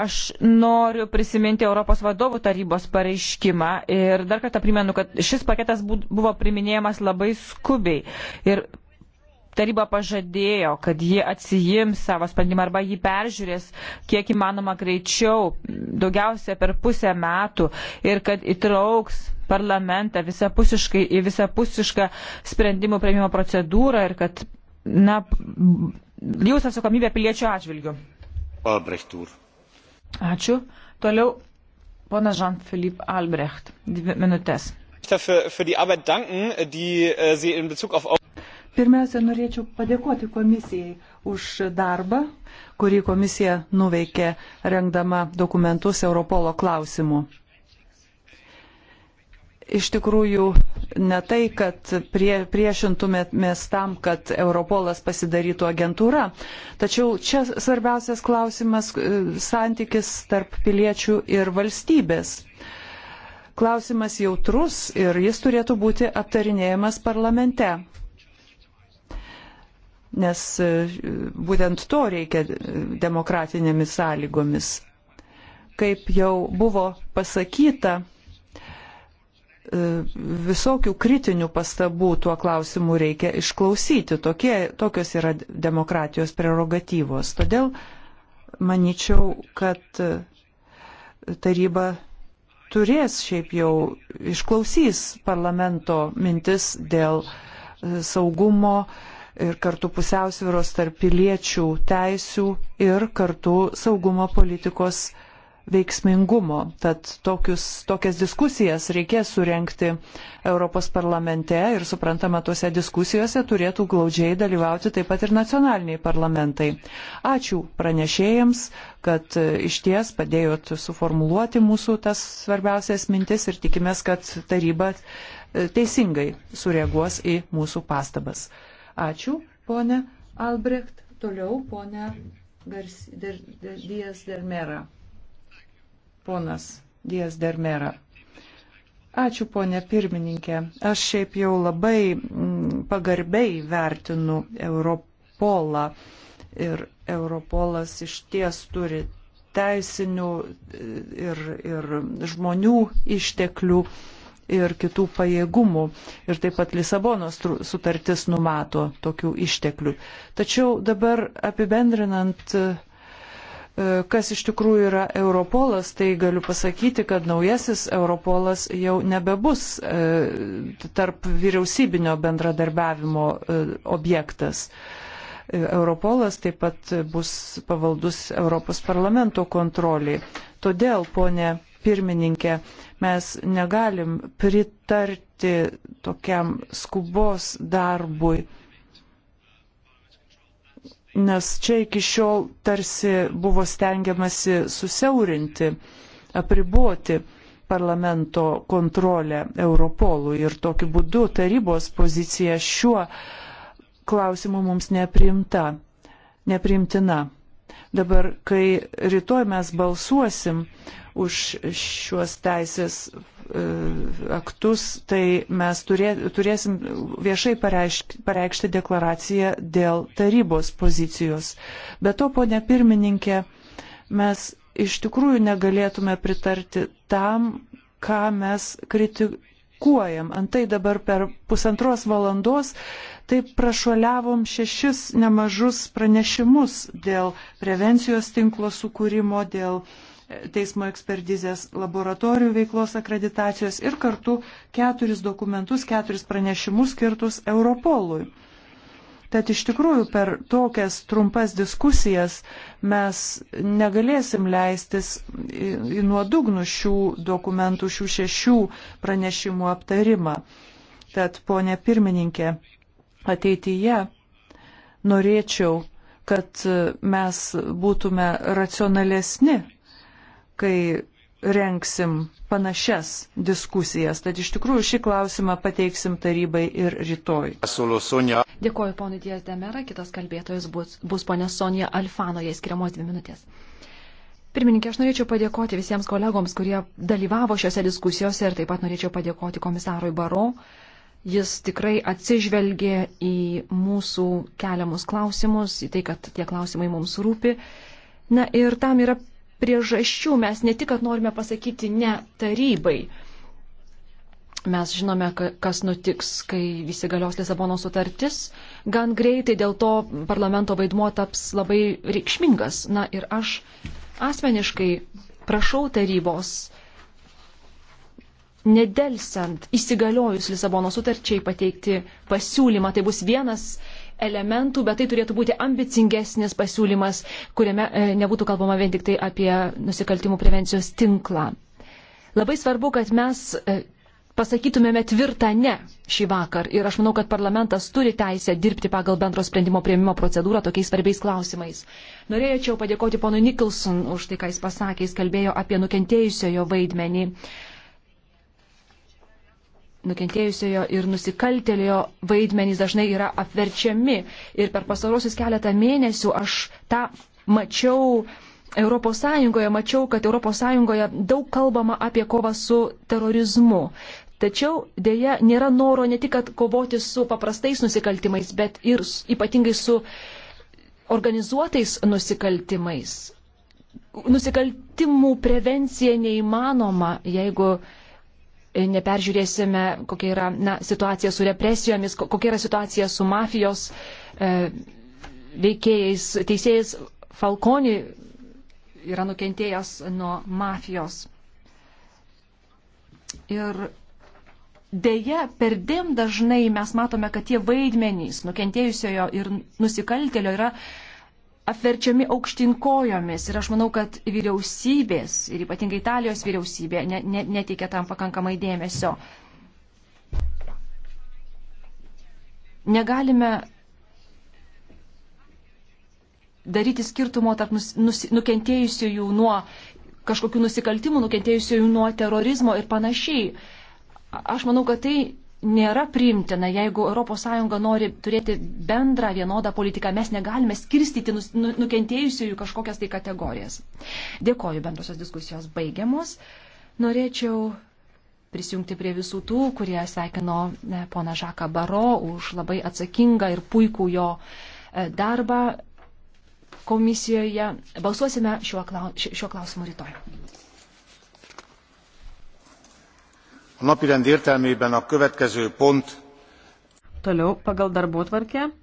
Aš noriu prisiminti Europos vadovų tarybos pareiškimą ir dar kartą primenu, kad šis paketas buvo priminėjamas labai skubiai. Ir taryba pažadėjo, kad ji atsijims savo sprendimą arba jį peržiūrės kiek įmanoma greičiau, daugiausia per pusę metų ir kad įtrauks parlamentą visapusiškai į visapusišką sprendimų prieimimo procedūrą ir kad, na, jūs atsakomybė piliečių atžvilgių. Albrechtūr. Ačiū. Toliau ponas Jean-Philippe
Albrecht. Dvi minutės.
Für, für die Arbeit danken, die äh, Sie in Bezug auf
Pirmiausia, norėčiau padėkoti komisijai už darbą, kurį komisija nuveikė rengdama dokumentus Europolo klausimu. Iš tikrųjų, ne tai, kad prie, priešintumėmės tam, kad Europolas pasidarytų agentūra, tačiau čia svarbiausias klausimas e, - santykis tarp piliečių ir valstybės klausimas jautrus ir jis turėtų būti aptarinėjamas parlamente nes e, būtent to reikia e, demokratinėmis sąlygomis. Kaip jau buvo pasakyta, e, visokių kritinių pastabų tuo klausimu reikia išklausyti. Tokie, tokios yra demokratijos prerogatyvos. Todėl manyčiau, kad taryba turės šiaip jau išklausys parlamento mintis dėl saugumo, uh, ir kartu pusiausviros tarp piliečių teisių ir kartu saugumo politikos veiksmingumo. Tad tokius, tokias diskusijas reikės surenkti Europos parlamente ir suprantama, tuose diskusijose turėtų glaudžiai dalyvauti taip pat ir nacionaliniai parlamentai. Ačiū pranešėjams, kad iš ties padėjot suformuluoti mūsų tas svarbiausias mintis ir tikimės, kad taryba teisingai sureaguos į mūsų pastabas. Ačiū, ponė Albrecht. Toliau ponė Dijas Dermera. Ponas Dijas Dermera. Ačiū, ponė pirmininkė. Aš šiaip jau labai mm, pagarbiai vertinu Europolą. Ir Europolas iš ties turi teisinių e, ir, ir žmonių išteklių ir kitų pajėgumų. Ir taip pat Lisabonos sutartis numato tokių išteklių. Tačiau dabar apibendrinant e, kas iš tikrųjų yra Europolas, tai galiu pasakyti, kad naujasis Europolas jau nebebus e, tarp vyriausybinio bendradarbiavimo e, objektas. Europolas taip pat bus pavaldus Europos parlamento kontroliai. Todėl, ponė pirmininkė, Mes negalim pritarti tokiam skubos darbui nes čia iki šiol tarsi buvo stengiamasi susiaurinti, apriboti parlamento kontrolę Europolui ir tokiu būdu tarybos pozicija šiuo klausimu mums nepriimta, nepriimtina. Dabar, kai rytoj mes balsuosim už šiuos teisės e, aktus, tai mes turė, turėsim viešai pareikšti, pareikšti deklaraciją dėl tarybos pozicijos. Bet to, ponė pirmininkė, mes iš tikrųjų negalėtume pritarti tam, ką mes kriti, kritikuojam. Antai dabar per pusantros valandos taip prašuoliavom šešis nemažus pranešimus dėl prevencijos tinklo sukūrimo, dėl e, teismo ekspertizės laboratorijų veiklos akreditacijos ir kartu keturis dokumentus, keturis pranešimus skirtus Europolui. Tad iš tikrųjų per tokias trumpas diskusijas mes negalėsim leistis į nuodugnų šių dokumentų, šių šešių pranešimų aptarimą. Tad, ponė pirmininkė, ateityje norėčiau, kad mes būtume racionalesni, kai renksim panašias diskusijas, tad iš tikrųjų šį klausimą pateiksim tarybai ir rytoj.
Dėkuoju ponui Dijas Demera, kitas kalbėtojas bus, bus ponė Sonija Alfano, jai skiriamos dvi minutės. Pirmininkė, aš norėčiau padėkoti visiems kolegoms, kurie dalyvavo šiuose diskusijose ir taip pat norėčiau padėkoti komisarui Baro. Jis tikrai atsižvelgė į mūsų keliamus klausimus, į tai, kad tie klausimai mums rūpi. Na ir tam yra priežasčių mes ne tik, kad norime pasakyti ne tarybai. Mes žinome, kas nutiks, kai visi galios Lisabono sutartis. Gan greitai dėl to parlamento vaidmuo taps labai reikšmingas. Na ir aš asmeniškai prašau tarybos nedelsiant įsigaliojus Lisabono sutarčiai pateikti pasiūlymą. Tai bus vienas elementų, bet tai turėtų būti ambicingesnis pasiūlymas, kuriame e, nebūtų kalbama vien tik tai apie nusikaltimų prevencijos tinklą. Labai svarbu, kad mes e, pasakytumėme tvirtą ne šį vakar ir aš manau, kad parlamentas turi teisę dirbti pagal bendro sprendimo prieimimo procedūrą tokiais svarbiais klausimais. Norėčiau padėkoti ponui Nikolson už tai, ką jis pasakė, jis kalbėjo apie nukentėjusiojo vaidmenį. Uh, nukentėjusiojo ir nusikaltėlio vaidmenys dažnai yra apverčiami. Ir per pasarosius keletą mėnesių aš tą mačiau ES, mačiau, kad ES daug kalbama apie kovą su terorizmu. Tačiau dėja nėra noro ne tik kovoti su paprastais nusikaltimais, bet ir ypatingai su organizuotais nusikaltimais. Nusikaltimų prevencija neįmanoma, jeigu uh, E, neperžiūrėsime, kokia yra na, situacija su represijomis, kokia yra situacija su mafijos e, veikėjais, teisėjais Falkoni yra nukentėjęs nuo mafijos. Ir dėja, per dėm dažnai mes matome, kad tie vaidmenys nukentėjusiojo ir nusikaltėlio yra apverčiami aukštin kojomis. Ir aš manau, kad vyriausybės, ir ypatingai Italijos vyriausybė, ne, ne, neteikia tam pakankamai dėmesio. Negalime daryti skirtumo tarp nus, nus, nukentėjusiųjų nuo kažkokių nusikaltimų, nukentėjusiųjų nuo terorizmo ir panašiai. Aš manau, kad tai nėra priimtina, jeigu ES nori turėti bendrą vienodą politiką, mes negalime skirstyti nu- nukentėjusiųjų kažkokias tai kategorijas. Dėkoju, bendrosios diskusijos baigiamos. Norėčiau prisijungti prie visų tų, kurie sveikino e, pona Žaką Baro už labai atsakingą ir puikų jo e, darbą komisijoje. Balsuosime šiuo klausimu rytoj.
A napirend értelmében a következő pont.
Toliau pagal
darbotvarkę